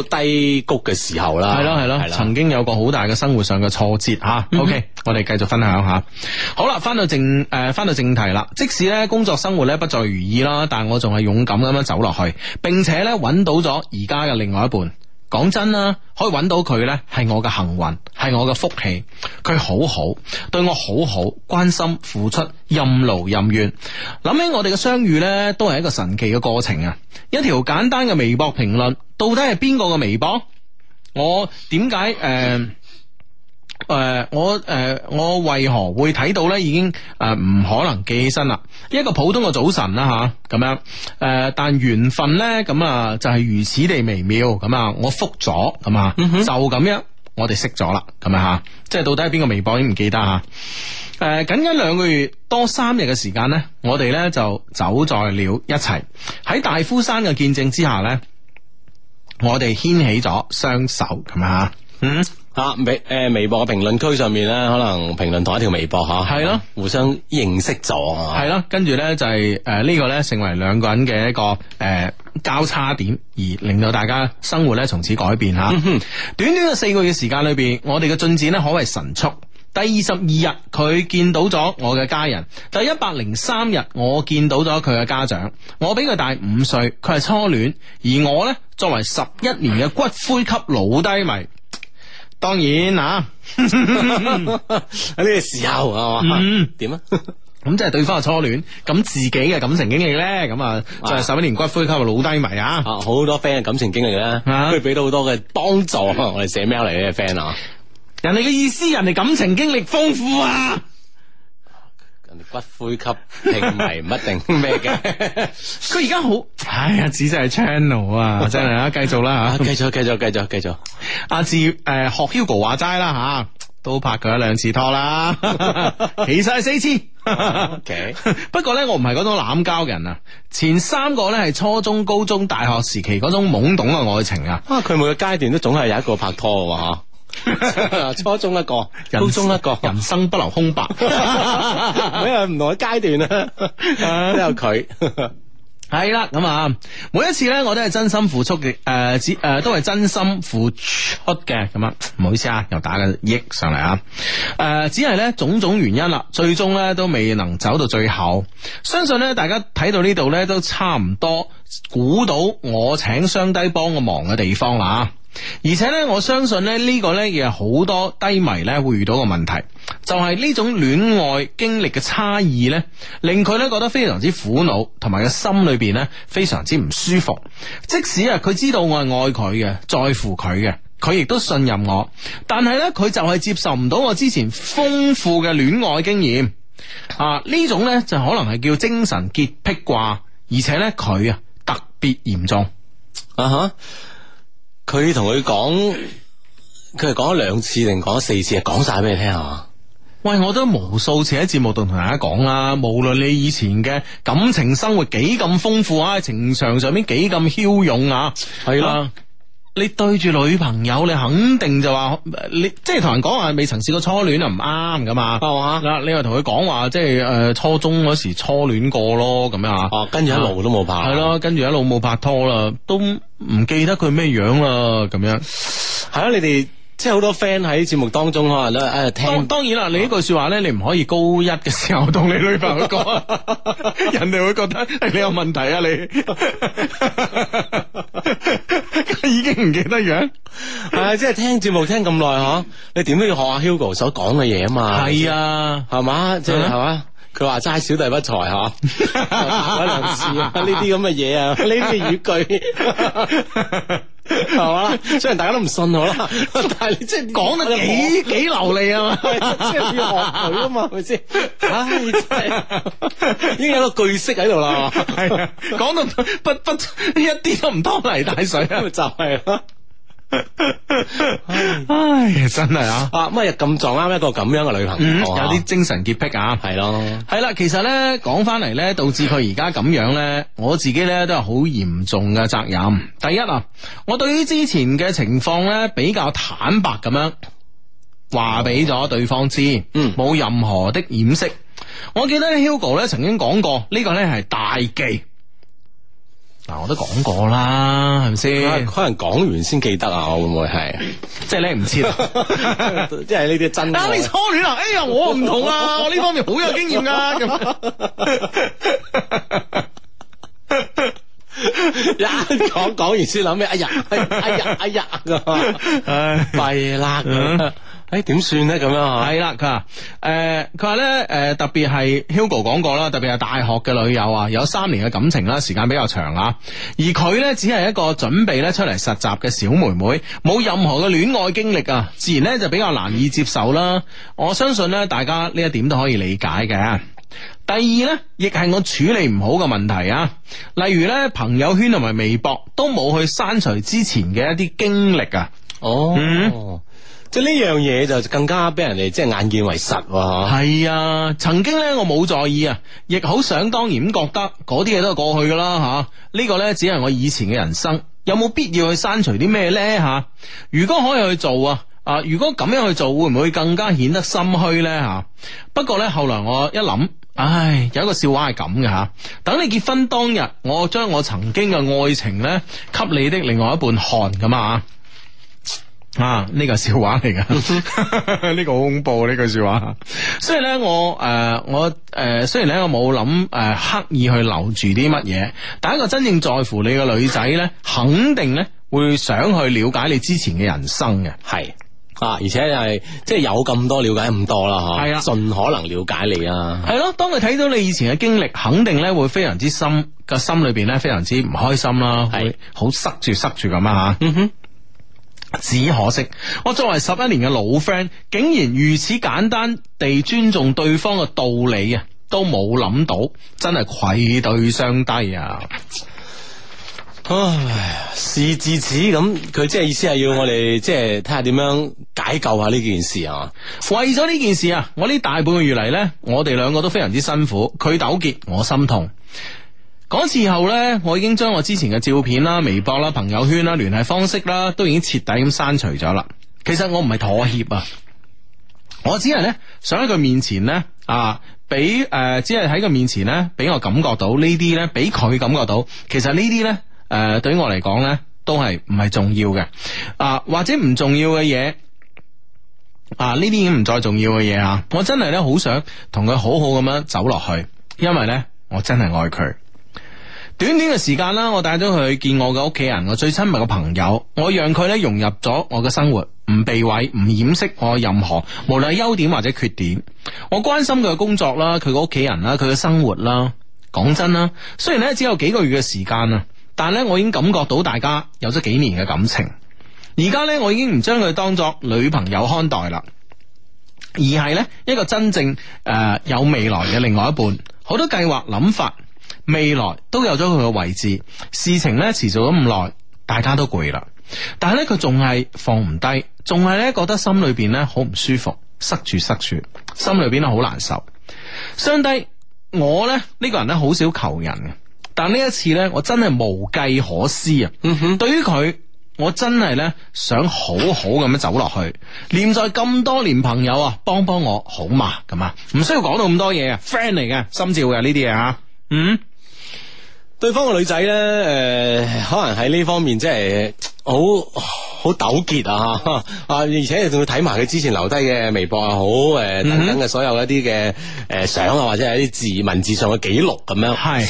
低谷嘅時候啦。係咯、嗯，係咯，的曾經有個好大嘅生活上嘅挫折吓。OK，、嗯、哼我哋繼續分享下。好啦，翻到正誒，翻、呃、到正題啦。即使呢工作生活呢不再如意啦，但我仲係勇敢咁樣走落去，並且呢揾到咗而家嘅另外一半。講真啦，可以揾到佢呢，係我嘅幸運，係我嘅福氣。佢好好，對我好好，關心付出任勞任怨。諗起我哋嘅相遇呢，都係一個神奇嘅過程啊！一條簡單嘅微博評論，到底係邊個嘅微博？我點解誒？誒、呃，我誒、呃，我為何會睇到咧？已經誒唔、呃、可能記起身啦。一個普通嘅早晨啦，吓咁樣。誒、啊，但緣分咧，咁啊就係、是、如此地微妙。咁啊，我覆咗，咁啊、嗯、哼就咁樣，我哋識咗啦，咁啊吓。即係到底係邊個微博？已經唔記得吓。誒、啊，僅僅兩個月多三日嘅時間咧，我哋咧就走在了一齊。喺大夫山嘅見證之下咧，我哋牽起咗雙手，係啊？啊嗯。啊微，誒微博嘅評論區上面咧，可能評論同一條微博吓，係咯，互相認識咗，係咯，跟住咧就係誒呢個咧成為兩個人嘅一個誒交叉點，而令到大家生活咧從此改變吓。短短嘅四個月時間裏邊，我哋嘅進展咧可謂神速。第二十二日佢見到咗我嘅家人，第一百零三日我見到咗佢嘅家長。我比佢大五歲，佢係初戀，而我咧作為十一年嘅骨灰級老低迷。當然吓喺呢個時候啊，嘛，點啊？咁即係對方嘅初戀，咁自己嘅感情經歷咧，咁啊就係十一年骨灰級，老低迷啊！好、啊、多 friend 嘅感情經歷咧、啊，都俾到好多嘅幫助，我哋寫 mail 嚟嘅 friend 啊！人哋嘅意思，人哋感情經歷豐富啊！骨灰級聽唔一定咩嘅？ 佢而家好哎呀，只真係 channel 啊，真係 啊，繼續啦吓，繼續繼續繼續繼續。阿志誒，學 Hugo 話齋啦吓、啊，都拍過一兩次拖啦，其實係四次。OK，不過咧，我唔係嗰種濫交人啊。前三個咧係初中、高中、大學時期嗰種懵懂嘅愛情啊。啊，佢每個階段都總係有一個拍拖啊。 初中一個，高中一個，人生不留空白，每為唔同嘅階段 啊。都有佢係啦，咁 啊， 每一次咧我都係真心付出嘅，誒、呃，只誒、呃、都係真心付出嘅。咁、嗯、啊，唔好意思啊，又打個億上嚟啊，誒、呃，只係咧種種原因啦，最終咧都未能走到最後。相信咧大家睇到呢度咧都差唔多估到我請雙低幫個忙嘅地方啦。而且咧，我相信咧呢個呢，亦係好多低迷呢會遇到嘅問題，就係呢種戀愛經歷嘅差異呢，令佢呢覺得非常之苦惱，同埋嘅心裏邊呢非常之唔舒服。即使啊，佢知道我係愛佢嘅，在乎佢嘅，佢亦都信任我，但係呢，佢就係接受唔到我之前豐富嘅戀愛經驗啊！呢種呢，就可能係叫精神潔癖啩。而且呢，佢啊特別嚴重啊哈。Huh. 佢同佢講，佢係講咗兩次定講咗四次，講晒俾你聽啊！喂，我都無數次喺節目度同大家講啦，無論你以前嘅感情生活幾咁豐富啊，情場上面幾咁驍勇啊，係啦。你對住女朋友，你肯定就話，你即係同人講話未曾試過初戀啊，唔啱㗎嘛，吓嗱、哦，吧你又同佢講話，即係誒、呃、初中嗰時初戀過咯，咁、哦、樣啊，哦，跟住一路都冇拍拖吧，係咯，跟住一路冇拍拖啦，都唔記得佢咩樣啦，咁樣係咯、哦啊，你哋。即係好多 friend 喺節目當中可能，咧誒，聽當然啦、啊，你呢句說話咧，你唔可以高一嘅時候同你女朋友講， 人哋會覺得你有問題啊你， 已經唔記得樣，誒、啊，即係聽節目聽咁耐嗬，嗯、你點都要學下 Hugo 所講嘅嘢啊嘛，係啊，係嘛吧，即係係嘛。佢話齋小弟不才吓，可能呢啲咁嘅嘢啊，呢 啲 語句係嘛， 雖然大家都唔信我啦，但係即係講得幾婆婆幾流利啊 嘛，即係要學佢噶嘛，係咪先？唉，真係已經有一個句式喺度啦，講到不不一啲都唔拖泥帶水啊， 水 咪就係咯。 唉，真係啊！啊，乜又咁撞啱一個咁樣嘅女朋友？嗯、有啲精神潔癖啊，係咯 了，係啦。其實呢，講翻嚟呢，導致佢而家咁樣呢，我自己呢，都係好嚴重嘅責任。第一啊，我對於之前嘅情況呢，比較坦白咁樣話俾咗對方知，嗯，冇任何的掩飾。我記得 Hugo 呢曾經講過，呢、呢個呢係大忌。嗱，我都講過啦，係咪先？可能講完先記得啊，我會唔會係？即係你唔知啦，即係呢啲真嘅。 但你初戀啊？哎呀，我唔同啊，我呢方面好有經驗啊，咁一講，講完先諗咩？哎呀，哎呀，哎呀，咁唉，弊啦。 誒，點算呢？咁樣係啦，佢話誒，佢話咧誒，特別係 Hugo 講過啦，特別係大學嘅女友啊，有三年嘅感情啦，時間比較長啊。而佢咧只係一個準備咧出嚟實習嘅小妹妹，冇任何嘅戀愛經歷啊，自然咧就比較難以接受啦。我相信咧，大家呢一點都可以理解嘅。第二咧，亦係我處理唔好嘅問題啊。例如咧，朋友圈同埋微博都冇去刪除之前嘅一啲經歷啊。哦、oh. 嗯。Oh. 即係呢樣嘢，就更加俾人哋即係眼見為實喎。係啊，曾經呢，我冇在意啊，亦好想當然咁覺得嗰啲嘢都係過去噶啦吓。呢個呢，只係我以前嘅人生，有冇必要去刪除啲咩呢？吓、啊？如果可以去做啊，啊如果咁樣去做會唔會更加顯得心虛呢？吓、啊？不過呢，後來我一諗，唉，有一個笑話係咁嘅吓。等你結婚當日，我將我曾經嘅愛情呢，給你的另外一半看噶嘛。啊啊！呢、這個 個，這個笑話嚟噶，呢個好恐怖呢句笑話。所以咧，我誒，我、呃、誒，雖然呢，我冇諗誒刻意去留住啲乜嘢，嗯、但係一個真正在乎你嘅女仔呢，肯定咧會想去了解你之前嘅人生嘅。係啊，而且係即係有咁多了解咁多啦，吓、啊，盡可能了解你啊。係咯、啊，當佢睇到你以前嘅經歷，肯定咧會非常之深，個心裏邊咧非常之唔開心啦，是會好塞住塞住咁啊吓。嗯只可惜，我作為十一年嘅老 friend，竟然如此簡單地尊重對方嘅道理啊，都冇諗到，真係愧對相低啊，啊！唉，事至此咁，佢即係意思係要我哋即係睇下點樣解救下呢件事啊！為咗呢件事啊，我呢大半個月嚟呢，我哋兩個都非常之辛苦，佢糾結，我心痛。嗰時候咧，我已經將我之前嘅照片啦、微博啦、朋友圈啦、聯繫方式啦，都已經徹底咁刪除咗啦。其實我唔係妥協啊，我只係咧想喺佢面前咧啊，俾誒、呃，只係喺佢面前咧，俾我感覺到呢啲咧，俾佢感覺到，其實呢啲咧誒，對於我嚟講咧，都係唔係重要嘅啊，或者唔重要嘅嘢啊，呢啲已經唔再重要嘅嘢啊，我真係咧好想同佢好好咁樣走落去，因為咧我真係愛佢。短短嘅時間啦，我帶咗佢去見我嘅屋企人，我最親密嘅朋友，我讓佢咧融入咗我嘅生活，唔避諱，唔掩飾我任何，無論係優點或者缺點。我關心佢嘅工作啦、佢嘅屋企人啦、佢嘅生活啦。講真啦，雖然咧只有幾個月嘅時間啊，但咧我已經感覺到大家有咗幾年嘅感情。而家咧我已經唔將佢當作女朋友看待啦，而係咧一個真正誒、呃、有未來嘅另外一半，好多計劃諗法。未來都有咗佢嘅位置，事情咧持續咗咁耐，大家都攰啦。但係咧佢仲係放唔低，仲係咧覺得心裏邊咧好唔舒服，塞住塞住，心裏邊咧好難受。兄弟，我咧呢、呢個人咧好少求人嘅，但呢一次咧我真係無計可施啊！嗯哼，對於佢，我真係咧想好好咁樣走落去，念在咁多年朋友啊，幫幫我好嘛？咁啊，唔需要講到咁多嘢啊，friend 嚟嘅，心照嘅呢啲嘢啊。嗯，mm hmm. 對方個女仔咧，誒、呃，可能喺呢方面即係好好糾結啊，啊，而且仲要睇埋佢之前留低嘅微博又、啊、好，誒、呃，等等嘅所有一啲嘅誒相啊，或者係一啲自文字上嘅記錄咁樣。係，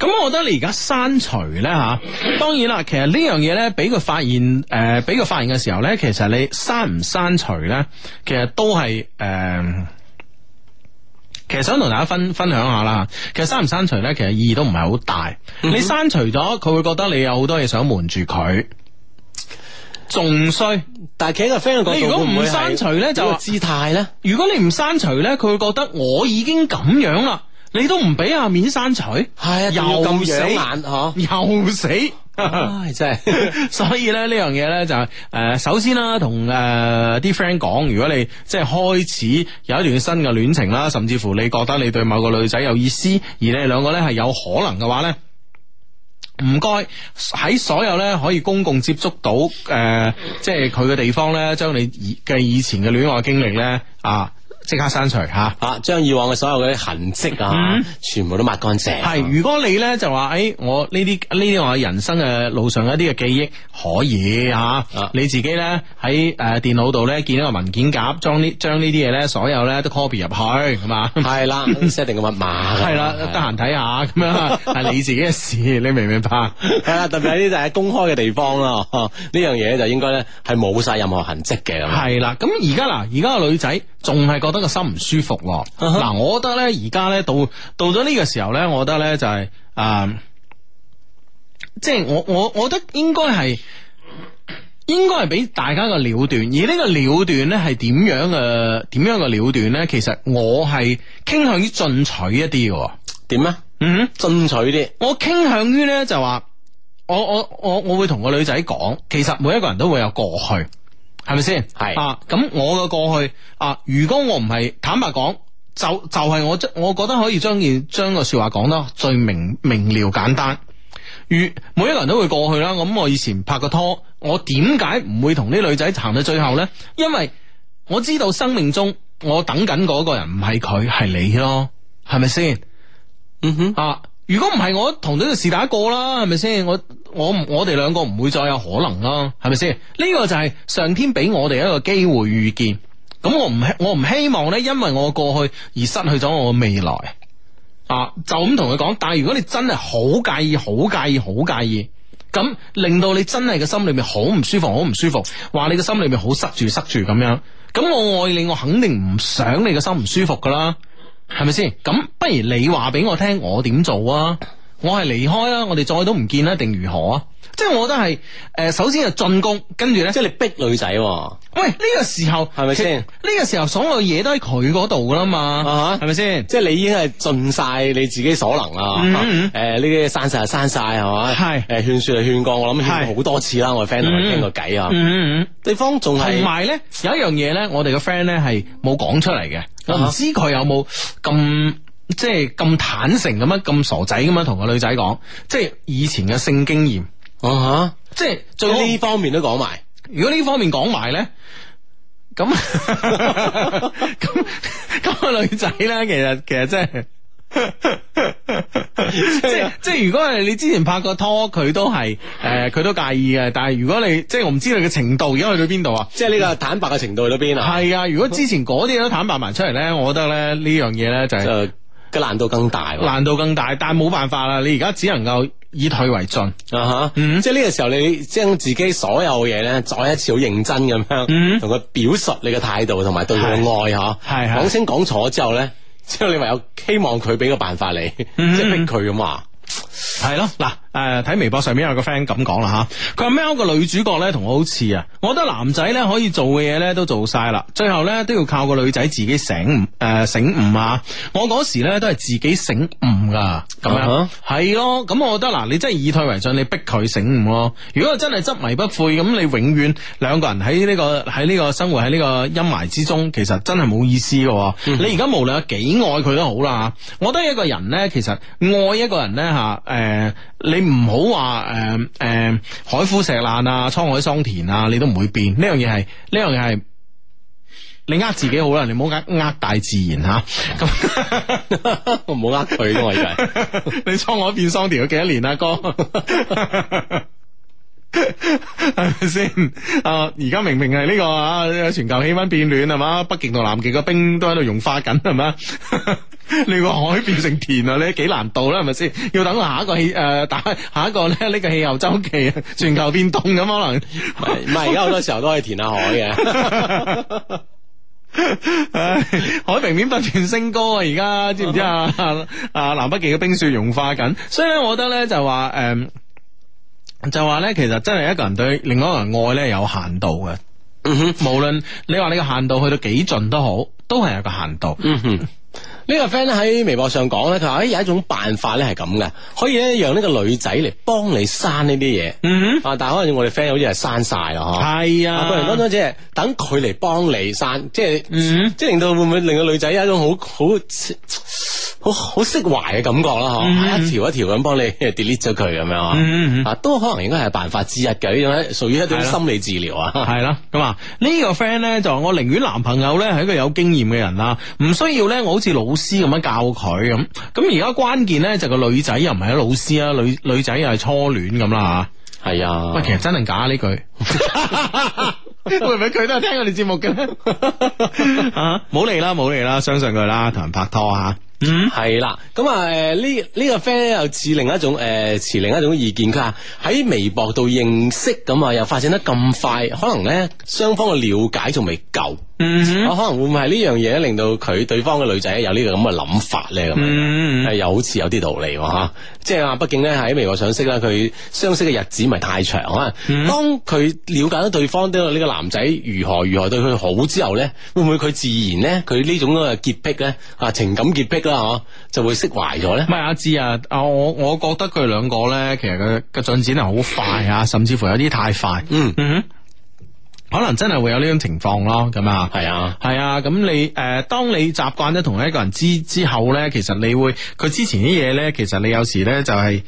咁我覺得你而家刪除咧吓、啊，當然啦，其實呢樣嘢咧，俾佢發現，誒、呃，俾佢發現嘅時候咧，其實你刪唔刪除咧，其實都係誒。呃其實想同大家分分享下啦，其實刪唔刪除咧，其實意義都唔係好大。嗯、哼你刪除咗，佢會覺得你有好多嘢想瞞住佢，仲衰。但係企個 friend 嘅，你如果唔刪除咧就說姿態咧。如果你唔刪除咧，佢會覺得我已經咁樣啦，你都唔俾阿面刪除，係又咁養眼嗬，又死。啊、真 所以咧呢樣嘢呢，就係，誒，首先啦，同誒啲 friend 講，如果你即係開始有一段新嘅戀情啦，甚至乎你覺得你對某個女仔有意思，而你哋兩個咧係有可能嘅話呢，唔該喺所有呢可以公共接觸到誒、呃，即係佢嘅地方呢，將你以嘅以前嘅戀愛經歷呢。啊。即刻刪除吓，嚇將以往嘅所有嗰啲痕跡啊，全部都抹乾淨。係，如果你咧就話，誒，我呢啲呢啲我人生嘅路上一啲嘅記憶，可以嚇，你自己咧喺誒電腦度咧見到個文件夾，將呢將呢啲嘢咧，所有咧都 copy 入去，係嘛？係啦，set 定個密碼。係啦，得閒睇下咁樣，係你自己嘅事，你明唔明白？係啦，特別係呢啲就係公開嘅地方啊，呢樣嘢就應該咧係冇晒任何痕跡嘅。係啦，咁而家嗱，而家個女仔仲係覺得個心唔舒服喎。嗱、uh huh.，我覺得咧、就是，而家咧，到到咗呢個時候咧，我覺得咧就係誒，即係我我我覺得應該係應該係俾大家了個了斷，而呢個了斷咧係點樣嘅？點樣嘅了斷咧？其實我係傾向於進取一啲嘅。點啊樣？嗯、uh，進、huh. 取啲。我傾向於咧就話，我我我我會同個女仔講，其實每一個人都會有過去。係咪先？係是啊，咁我嘅過去啊，如果我唔係坦白講，就就係、是、我，我覺得可以將件將個說話講得最明明了簡單。如每一個人都會過去啦，咁、啊、我以前拍個拖，我點解唔會同啲女仔行到最後呢？因為我知道生命中我等緊嗰個人唔係佢，係你咯，係咪先？嗯哼啊。如果唔係我同你就試打過啦，係咪先？我我我哋兩個唔會再有可能啦，係咪先？呢個就係上天俾我哋一個機會遇見。咁我唔我唔希望呢，因為我過去而失去咗我嘅未來。啊，就咁同佢講。但係如果你真係好介意、好介意、好介意，咁令到你真係個心裏面好唔舒服、好唔舒服，話你個心裏面好塞住、塞住咁樣。咁我愛你，我肯定唔想你個心唔舒服噶啦。係咪先？咁不如你話俾我聽，我點做啊？我係離開啊，我哋再都唔見啦，定如何啊？即係，我覺得係誒，首先係進攻，跟住咧，即係你逼女仔、啊。喂，呢、呢個時候係咪先？呢、呢個時候所有嘢都喺佢嗰度噶啦嘛，係咪先？Huh. 是是即係你已經係盡晒你自己所能啊。誒、uh，呢啲刪晒，刪晒係嘛？係誒、uh，勸、huh. 說啊，勸過我諗勸好多次啦。Uh huh. 我個 friend 同佢傾個偈啊，uh huh. 地方仲係同埋咧有一樣嘢咧，我哋個 friend 咧係冇講出嚟嘅。我、huh. 唔知佢有冇咁即係咁坦誠咁樣咁傻仔咁樣同個女仔講，即係以前嘅性經驗。啊吓！即係對呢方面都講埋。如果呢方面講埋咧，咁咁咁個女仔咧，其實其實真係 即係即係，如果係你之前拍過拖，佢、呃、都係誒，佢都介意嘅。但係如果你即係我唔知道你嘅程度，而家去到邊度啊？即係呢個坦白嘅程度去到邊啊？係啊！ 如果之前嗰啲都坦白埋出嚟咧，我覺得咧呢樣嘢咧就個、是、難度更大。難度更大，但係冇辦法啦。你而家只能夠。以退為進啊吓，即係呢個時候你將自己所有嘢咧再一次好認真咁樣，同佢、mm hmm. 表述你嘅態度同埋對佢嘅愛吓。講清講楚之後咧，之後你唯有希望佢俾個辦法你，即 係逼佢咁話。Mm hmm. 係咯，嗱，誒，睇微博上面有個 friend 咁講啦吓，佢話喵個女主角咧同我好似啊。我覺得男仔咧可以做嘅嘢咧都做晒啦，最後咧都要靠個女仔自己醒誒、呃醒，醒, uh huh. 醒悟啊！我嗰時咧都係自己醒悟噶，咁樣係咯，咁我覺得嗱，你真係以退為進，你逼佢醒悟咯。如果真係執迷不悔，咁你永遠兩個人喺呢、呢個喺呢個生活喺呢個陰霾之中，其實真係冇意思噶。 你而家無論有幾愛佢都好啦，我覺得一個人咧，其實愛一個人咧吓。啊啊啊啊啊啊啊啊誒、呃，你唔好話誒誒，海枯石爛啊，滄海桑田啊，你都唔會變。呢樣嘢係，呢樣嘢係，你呃自己好啦，你唔好呃呃大自然吓。咁、啊、 我唔好呃佢噶，我而係你滄海變桑田要幾多年啊，哥？ 係咪先？啊，而家明明係呢、這個啊，全球氣溫變暖係嘛，北極同南極個冰都喺度融化緊係嘛， 你個海變成田啊！你幾難度啦，係咪先？ 要等下一個氣誒，下、呃、下一個咧呢、這個氣候週期，全球變凍咁可能唔係。而家好多時候都可以填下海嘅， 海平面不斷升高啊！而家知唔知啊？啊， 南北極嘅冰雪融化緊，所以咧，我覺得咧就話誒。嗯就話咧，其實真係一個人對另外一個人愛咧有限度嘅，嗯哼，無論你話你嘅限度去到幾盡都好，都係有一個限度。嗯哼。呢個 friend 喺微博上講咧，佢話有一種辦法咧係咁嘅，可以咧讓呢個女仔嚟幫你刪呢啲嘢。啊、mm，但係可能我哋 friend 好似係刪晒咯，嗬、hmm. mm。係啊，當當即係等佢嚟幫你刪，即係，即係令到會唔會令個女仔有一種好好好好釋懷嘅感覺啦，一條一條咁幫你 delete 咗佢咁樣，啊，都可能應該係辦法之一嘅，呢種咧屬於一種心理治療啊。係啦，咁啊，呢個 friend 咧就我寧願男朋友咧係一個有經驗嘅人啦，唔需要咧我好似老。師咁樣教佢咁，咁而家關鍵咧就個女仔又唔係啲老師啊，女女仔又係初戀咁啦吓，係啊、嗯，喂，其實真定假呢句？ 會唔會佢都係聽我哋節目嘅咧、 啊？啊，冇嚟啦，冇嚟啦，相信佢啦，同人拍拖吓，嗯，係啦，咁啊，誒、呃，呢呢、呢個 friend 又持另一種誒，持、呃、另一種意見，佢話喺微博度認識咁啊，又發展得咁快，可能咧雙方嘅了解仲未夠。嗯，可能會唔係呢樣嘢令到佢對方嘅女仔有呢個咁嘅諗法咧，咁啊，係又好似有啲道理喎，吓，即係話，畢竟咧喺微博上識啦，佢相識嘅日子咪太長啊，當佢了解到對方呢呢個男仔如何如何對佢好之後咧，會唔會佢自然咧，佢呢種嘅潔癖咧啊，情感潔癖啦，嗬、啊，就會釋懷咗咧？唔係阿志啊，我我，我覺得佢兩個咧，其實佢嘅進展係好快啊，甚至乎有啲太快。嗯嗯。嗯可能真係會有呢種情況咯，咁啊，係啊，係啊，咁你誒，當你習慣咗同一個人之之後咧，其實你會佢之前啲嘢咧，其實你有時咧就係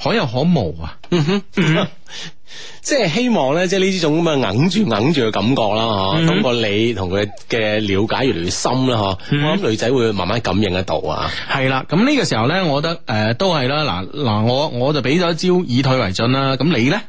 可有可無啊，哼 即係希望咧，即係呢種咁嘅硬住硬住嘅感覺啦，嗬，通過你同佢嘅了解越嚟越深啦，嗬、 嗯，我、嗯、諗女仔會慢慢感應得到啊，係啦，咁呢個時候咧，我覺得誒、呃、都係啦，嗱嗱，我我就俾咗一招以退為進啦，咁、啊、你咧？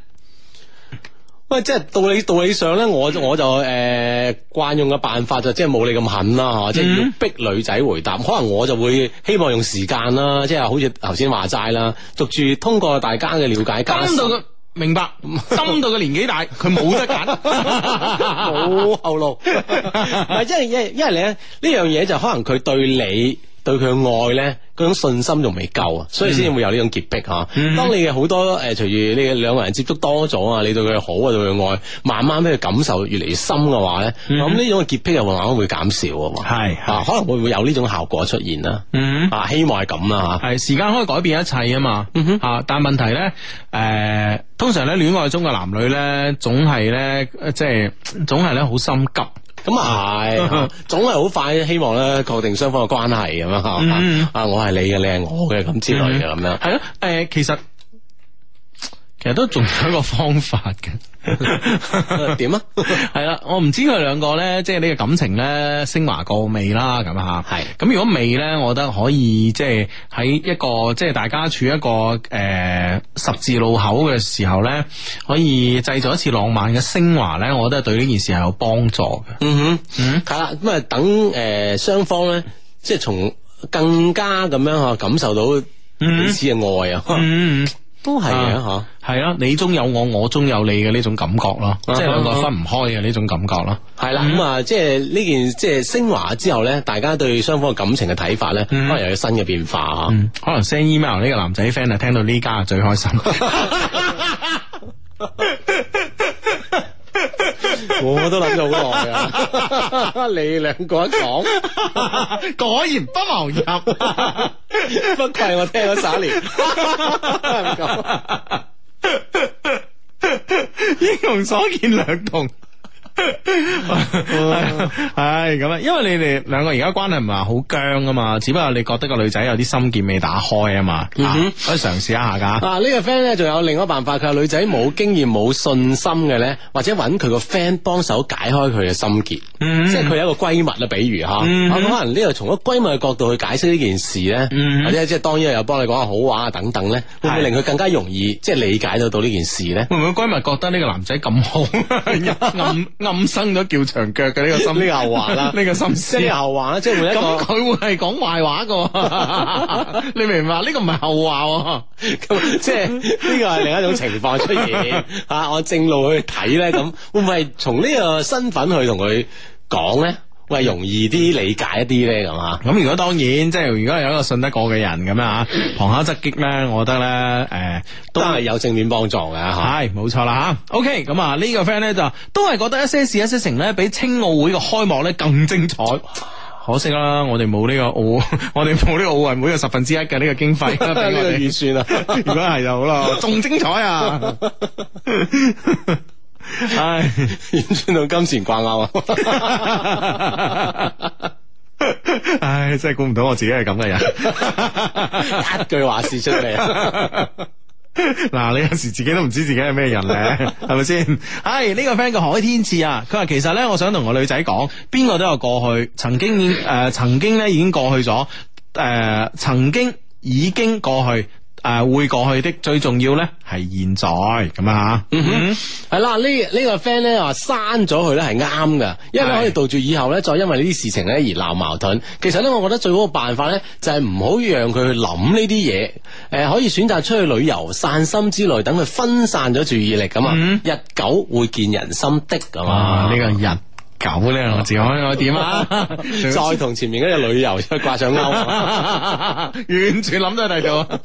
喂，即係道理道理上咧，我我就誒、呃、慣用嘅辦法就即係冇你咁狠啦，嚇，即係、嗯、要逼女仔回答。可能我就會希望用時間啦，即係好似頭先話齋啦，逐住通過大家嘅了解加深到個明白，深到嘅年紀大，佢冇得揀，冇 後路。唔係， 因為因為因咧呢樣嘢就可能佢對你。對佢嘅愛咧，嗰種信心仲未夠啊，所以先會有呢種潔癖吓。嗯、當你嘅好多誒，隨住你嘅兩個人接觸多咗啊，你對佢好啊，對佢愛，慢慢咧感受越嚟越深嘅話咧，咁呢、嗯、種嘅潔癖又會慢慢會減少啊。係啊，可能會會有呢種效果出現啦。嗯、啊，希望係咁啦吓。係、啊、時間可以改變一切啊嘛。啊，但係問題咧，誒、呃，通常咧戀愛中嘅男女咧，總係咧，即係總係咧好心急。咁啊係，嗯、 總係好快希望咧確定雙方嘅關係咁樣吓，嗯、 啊我係你嘅，你係我嘅咁、嗯、之類嘅咁、嗯、樣，係咯，誒、呃、其實。其實都仲有一個方法嘅，點啊？係 啦，我唔知佢兩個咧，即係呢個感情咧升華過未啦？咁啊吓，係咁如果未咧，我覺得可以即係喺一個即係大家處一個誒、呃、十字路口嘅時候咧，可以製造一次浪漫嘅升華咧，我覺得對呢件事係有幫助嘅。嗯哼，嗯，係啦、嗯，咁啊等誒雙方咧，即係從更加咁樣嗬感受到彼此嘅愛啊。都係嘅吓，係啊，啊你中有我，我中有你嘅呢種感覺咯，即係兩個分唔開嘅呢種感覺咯。係啦、嗯，咁啊的，即係呢件即係升華之後咧，大家對雙方嘅感情嘅睇法咧，可能又有新嘅變化吓。可能 send email 呢個男仔 friend 啊，聽到呢家最開心。 哦、我都諗咗好耐啊！ 你兩個一講， 果然不謀而合， 不愧我聽咗三年， 英雄所見略同。係咁啊，因為你哋兩個而家關係唔係好僵啊嘛，只不過你覺得個女仔有啲心結未打開嘛、mm hmm. 啊嘛，可以嘗試一下噶。嗱、啊，呢、這個 friend 咧，仲有另外一個辦法，佢個女仔冇經驗、冇信心嘅咧，或者揾佢個 friend 幫手解開佢嘅心結，mm hmm. 即係佢有一個閨蜜啦，比如吓，咁、mm hmm. 啊、可能呢度從一個閨蜜嘅角度去解釋呢件事咧，mm hmm. 或者即係當然又幫你講下好話啊等等咧，會,會令佢更加容易是即係理解得到呢件事咧？會唔會閨蜜覺得呢個男仔咁好 暗生咗叫長腳嘅呢個心呢個後話啦，呢個心思後話咧，即係咁佢會係講壞話嘅，你明唔明？呢個唔係後話，即係呢個係另一種情況出現吓、 啊。我正路去睇咧，咁會唔會從呢個身份去同佢講咧？喂，容易啲理解一啲咧，咁啊，咁、嗯、如果當然，即係如果有一個信得過嘅人咁樣啊，旁敲側擊咧，我覺得咧，誒、呃、都係有正面幫助嘅嚇。係、嗯，冇、啊、錯啦嚇。OK，咁啊，這個、呢個 friend 咧就都係覺得一些事一些情咧，比青奧會嘅開幕咧更精彩。 可惜啦，我哋冇呢個奧，我哋冇呢個奧運會嘅十分之一嘅呢、這個經費，呢個 預算啊。 如果係就好啦，仲精彩啊！ 唉，完全到金錢掛勾啊！唉、 哎，真係估唔到我自己係咁嘅人， 一句話事出嚟。啊。嗱，你有時自己都唔知自己係咩人咧，係咪先？係呢個 friend 叫海天賜啊，佢話其實咧，我想同個女仔講，邊個都有過去，曾經誒、呃，曾經咧已經過去咗，誒、呃，曾經已經過去。誒、啊，會過去的，最重要呢係現在咁啊樣嗯哼，係啦、嗯，呢呢、嗯這個 friend 呢話刪咗佢呢係啱嘅，是因為可以杜住以後呢，再因為呢啲事情呢而鬧矛盾。其實呢，我覺得最好嘅辦法呢就係唔好讓佢去諗呢啲嘢，誒，可以選擇出去旅遊散心之類，等佢分散咗注意力咁啊。日久會見人心的，咁啊，呢個人。呢個咧，治安我點啊？ 再同前面嗰隻旅遊再掛上鈎 完全諗得喺度。啊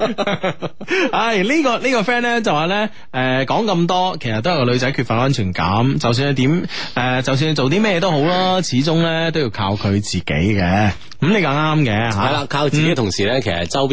唉、哎，這個這個、呢個呢個 friend 咧就話咧，誒、呃，講咁多，其實都係個女仔缺乏安全感。就算係點誒，就算你做啲咩都好啦，始終咧都要靠佢自己嘅。咁、嗯、你講啱嘅吓，係、啊、啦，靠自己同時咧，嗯、其實周